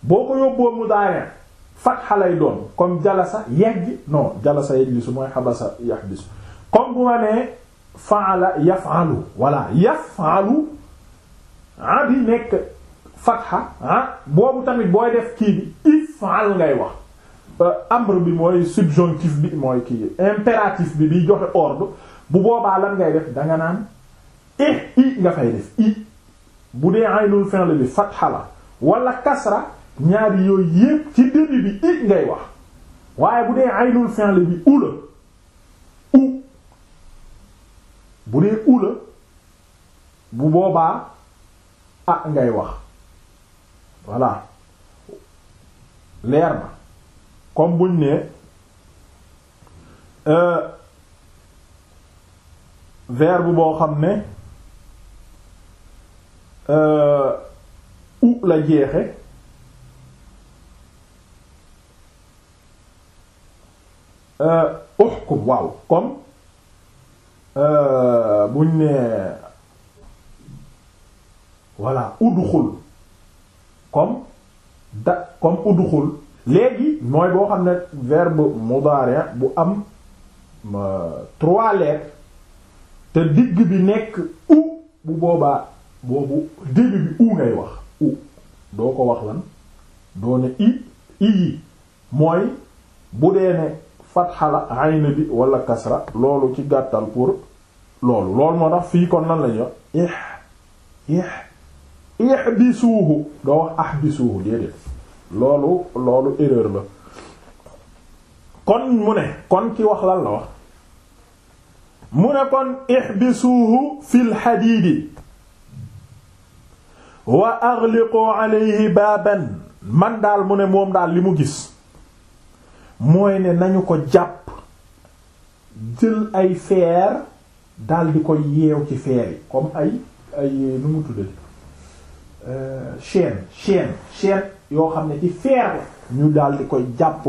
A: boo ko yóbboo mudaari fatxa lay doon comme jalasa yajji non jalasa yajlisu mooy xabasa yaxbisu comme bu ma nee fa'ala yaf'alu walla yaf'alu abi ah, nekk fatha ah boobu tamit booy def kii bi ifal ngay wax euh, amr bi mooy subjonctif bi mooy kii impératif bi biy joxe ordre bu boobaa lan ngay def danga naan eh i nga fay def i bu dee aynul fi'l bi fatha la wala kasra ñaari yooyu yépp ci début bi i ngay wax waaye bu dee aynul fi'l bi u la u bu dee u bu boobaa a ngay wax voilà leer na comme buñ ne euh, verbe boo xam ne euh, u la jeexe euh, uhkum waaw comme buñ ne voilà udxul comme da comme udxul léegi mooy boo xam ne verbe mudari bu am trois lettres te digg bi nekk u bu boobaa boobu digg bi u ngay wax u doo ko wax lan doo ne i i mooy bu dee ne fatxa la ayn bi wala kasra loolu ci gàttal pour loolu loolu moo tax fii kon lan lañu ih ihbisuuhu doo wax ahbisuuhu déedéet loolu loolu erreur la kon mu ne kon ki wax lan la wax mu ne kon ihbisuuhu fil hadiidi wa aghliqu alayhi baaban man daal mu ne moom daal li mu gis mooy ne nañu ko jàpp jël ay feer dal di ko yeew ci feer yi comme ay ay nu mu tuddati Euh, chaîne chaîne chaîne yoo xam ne ci feer ñu daldi di koy jàpp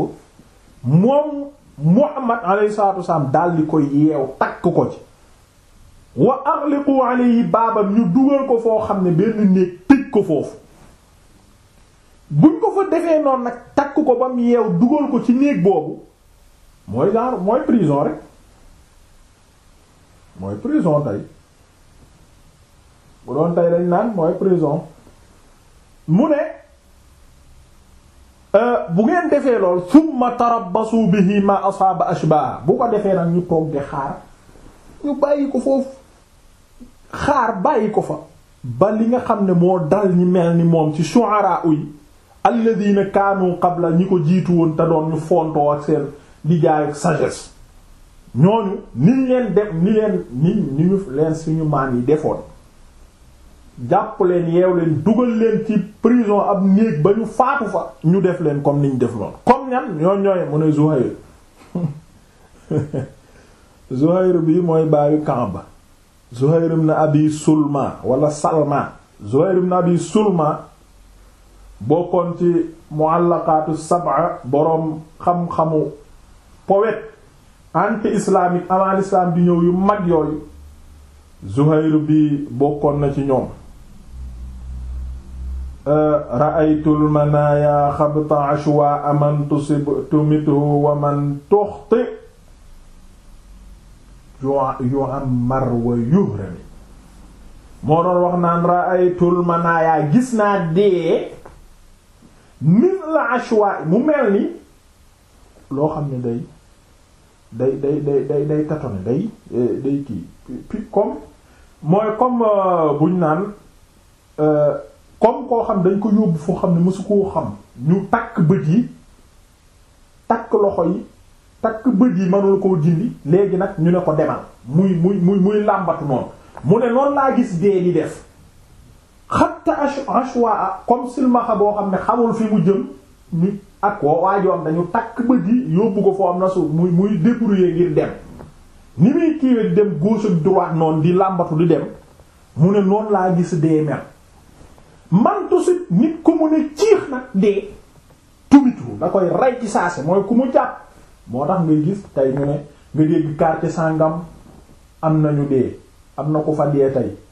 A: moom Muhammad alayhi salaatu wasalaam daal di koy yeew takk ko ci wa aghliqu alayhi baabam ñu dugal ko foo xam ne benn néeg tëj ko foofu buñ ko fa defee noon nag takk ko ba yeew dugal ko ci néeg boobu mooy genre mooy prison rek mooy prison tey bu doon tey dañ naan mooy prison mu ne euh, bu ngeen defee lool summa tarabasu bihi ma asaaba ashbaa bu ko defee nag ñu toog di xaar ñu bàyyi ko foofu xaar bàyyi ko fa ba li nga xam ne moo dal ñi mel ni moom ci shu'araa yi alladina kaanu qabla ñi ko jiitu woon te doon ñu fontoo ak seen di jaay ak sagesse ñooñu niñ leen def ni leen ni ñu leen suñu maan yi defoon jàpp leen yeew leen dugal leen ci prison ab néeg ba ñu faatu fa ñu def leen comme niñ def lool comme ñan ñoo ñooy mu ne Zuhayr <laughs> Zuhayr bi mooy baayu Kaaba Zuhayr ibn Abi Sulma wala Salma Zuhayr ibn Sulma bokkoon ci muallaqaatu sab'a boroom xam-xamu poète anti-islamique avant l'islam di ñëw yu mag yooyu Zuhayr bi bokkoon na ci ñoom ra'aytul manaaya xabta ashwa man tusib tumithu wa man tuxti yu'ammar wa yuhrami moo doon wax naan ra'aytul manaaya gis naa dee mithla ashwa mu mel ni loo xam ne day day day day day day day eh, day kii comme mooy comme euh, buñ naan euh, comme koo xam dañ ko yóbbu foo xam ne mësu koo xam ñu takk bët yi takk loxo yi takk bët yi mënul koo dindi léegi nag ñu ne ko demal muy muy muy muy làmbatu noonu mu ne noonu laa gis dee di def xatta ashwa comme silmaxa boo xam ne xamul fi mu jëm ñu ak koo waajoo dañu takk bët yi yóbbu ko foo am na muy muy débrouiller ngir dem ni muy kiiwee dem gauche ak noonu di làmbatu di dem mu ne noonu laa gis dee mel man tusit nit ku mu ne ciix nag dee tubitu da koy rey ci saase mooy ku mu jàpp moo tax ngay gis tey ñu ne nga dégg quartier sàngam am nañu dee am na ku fa dee tey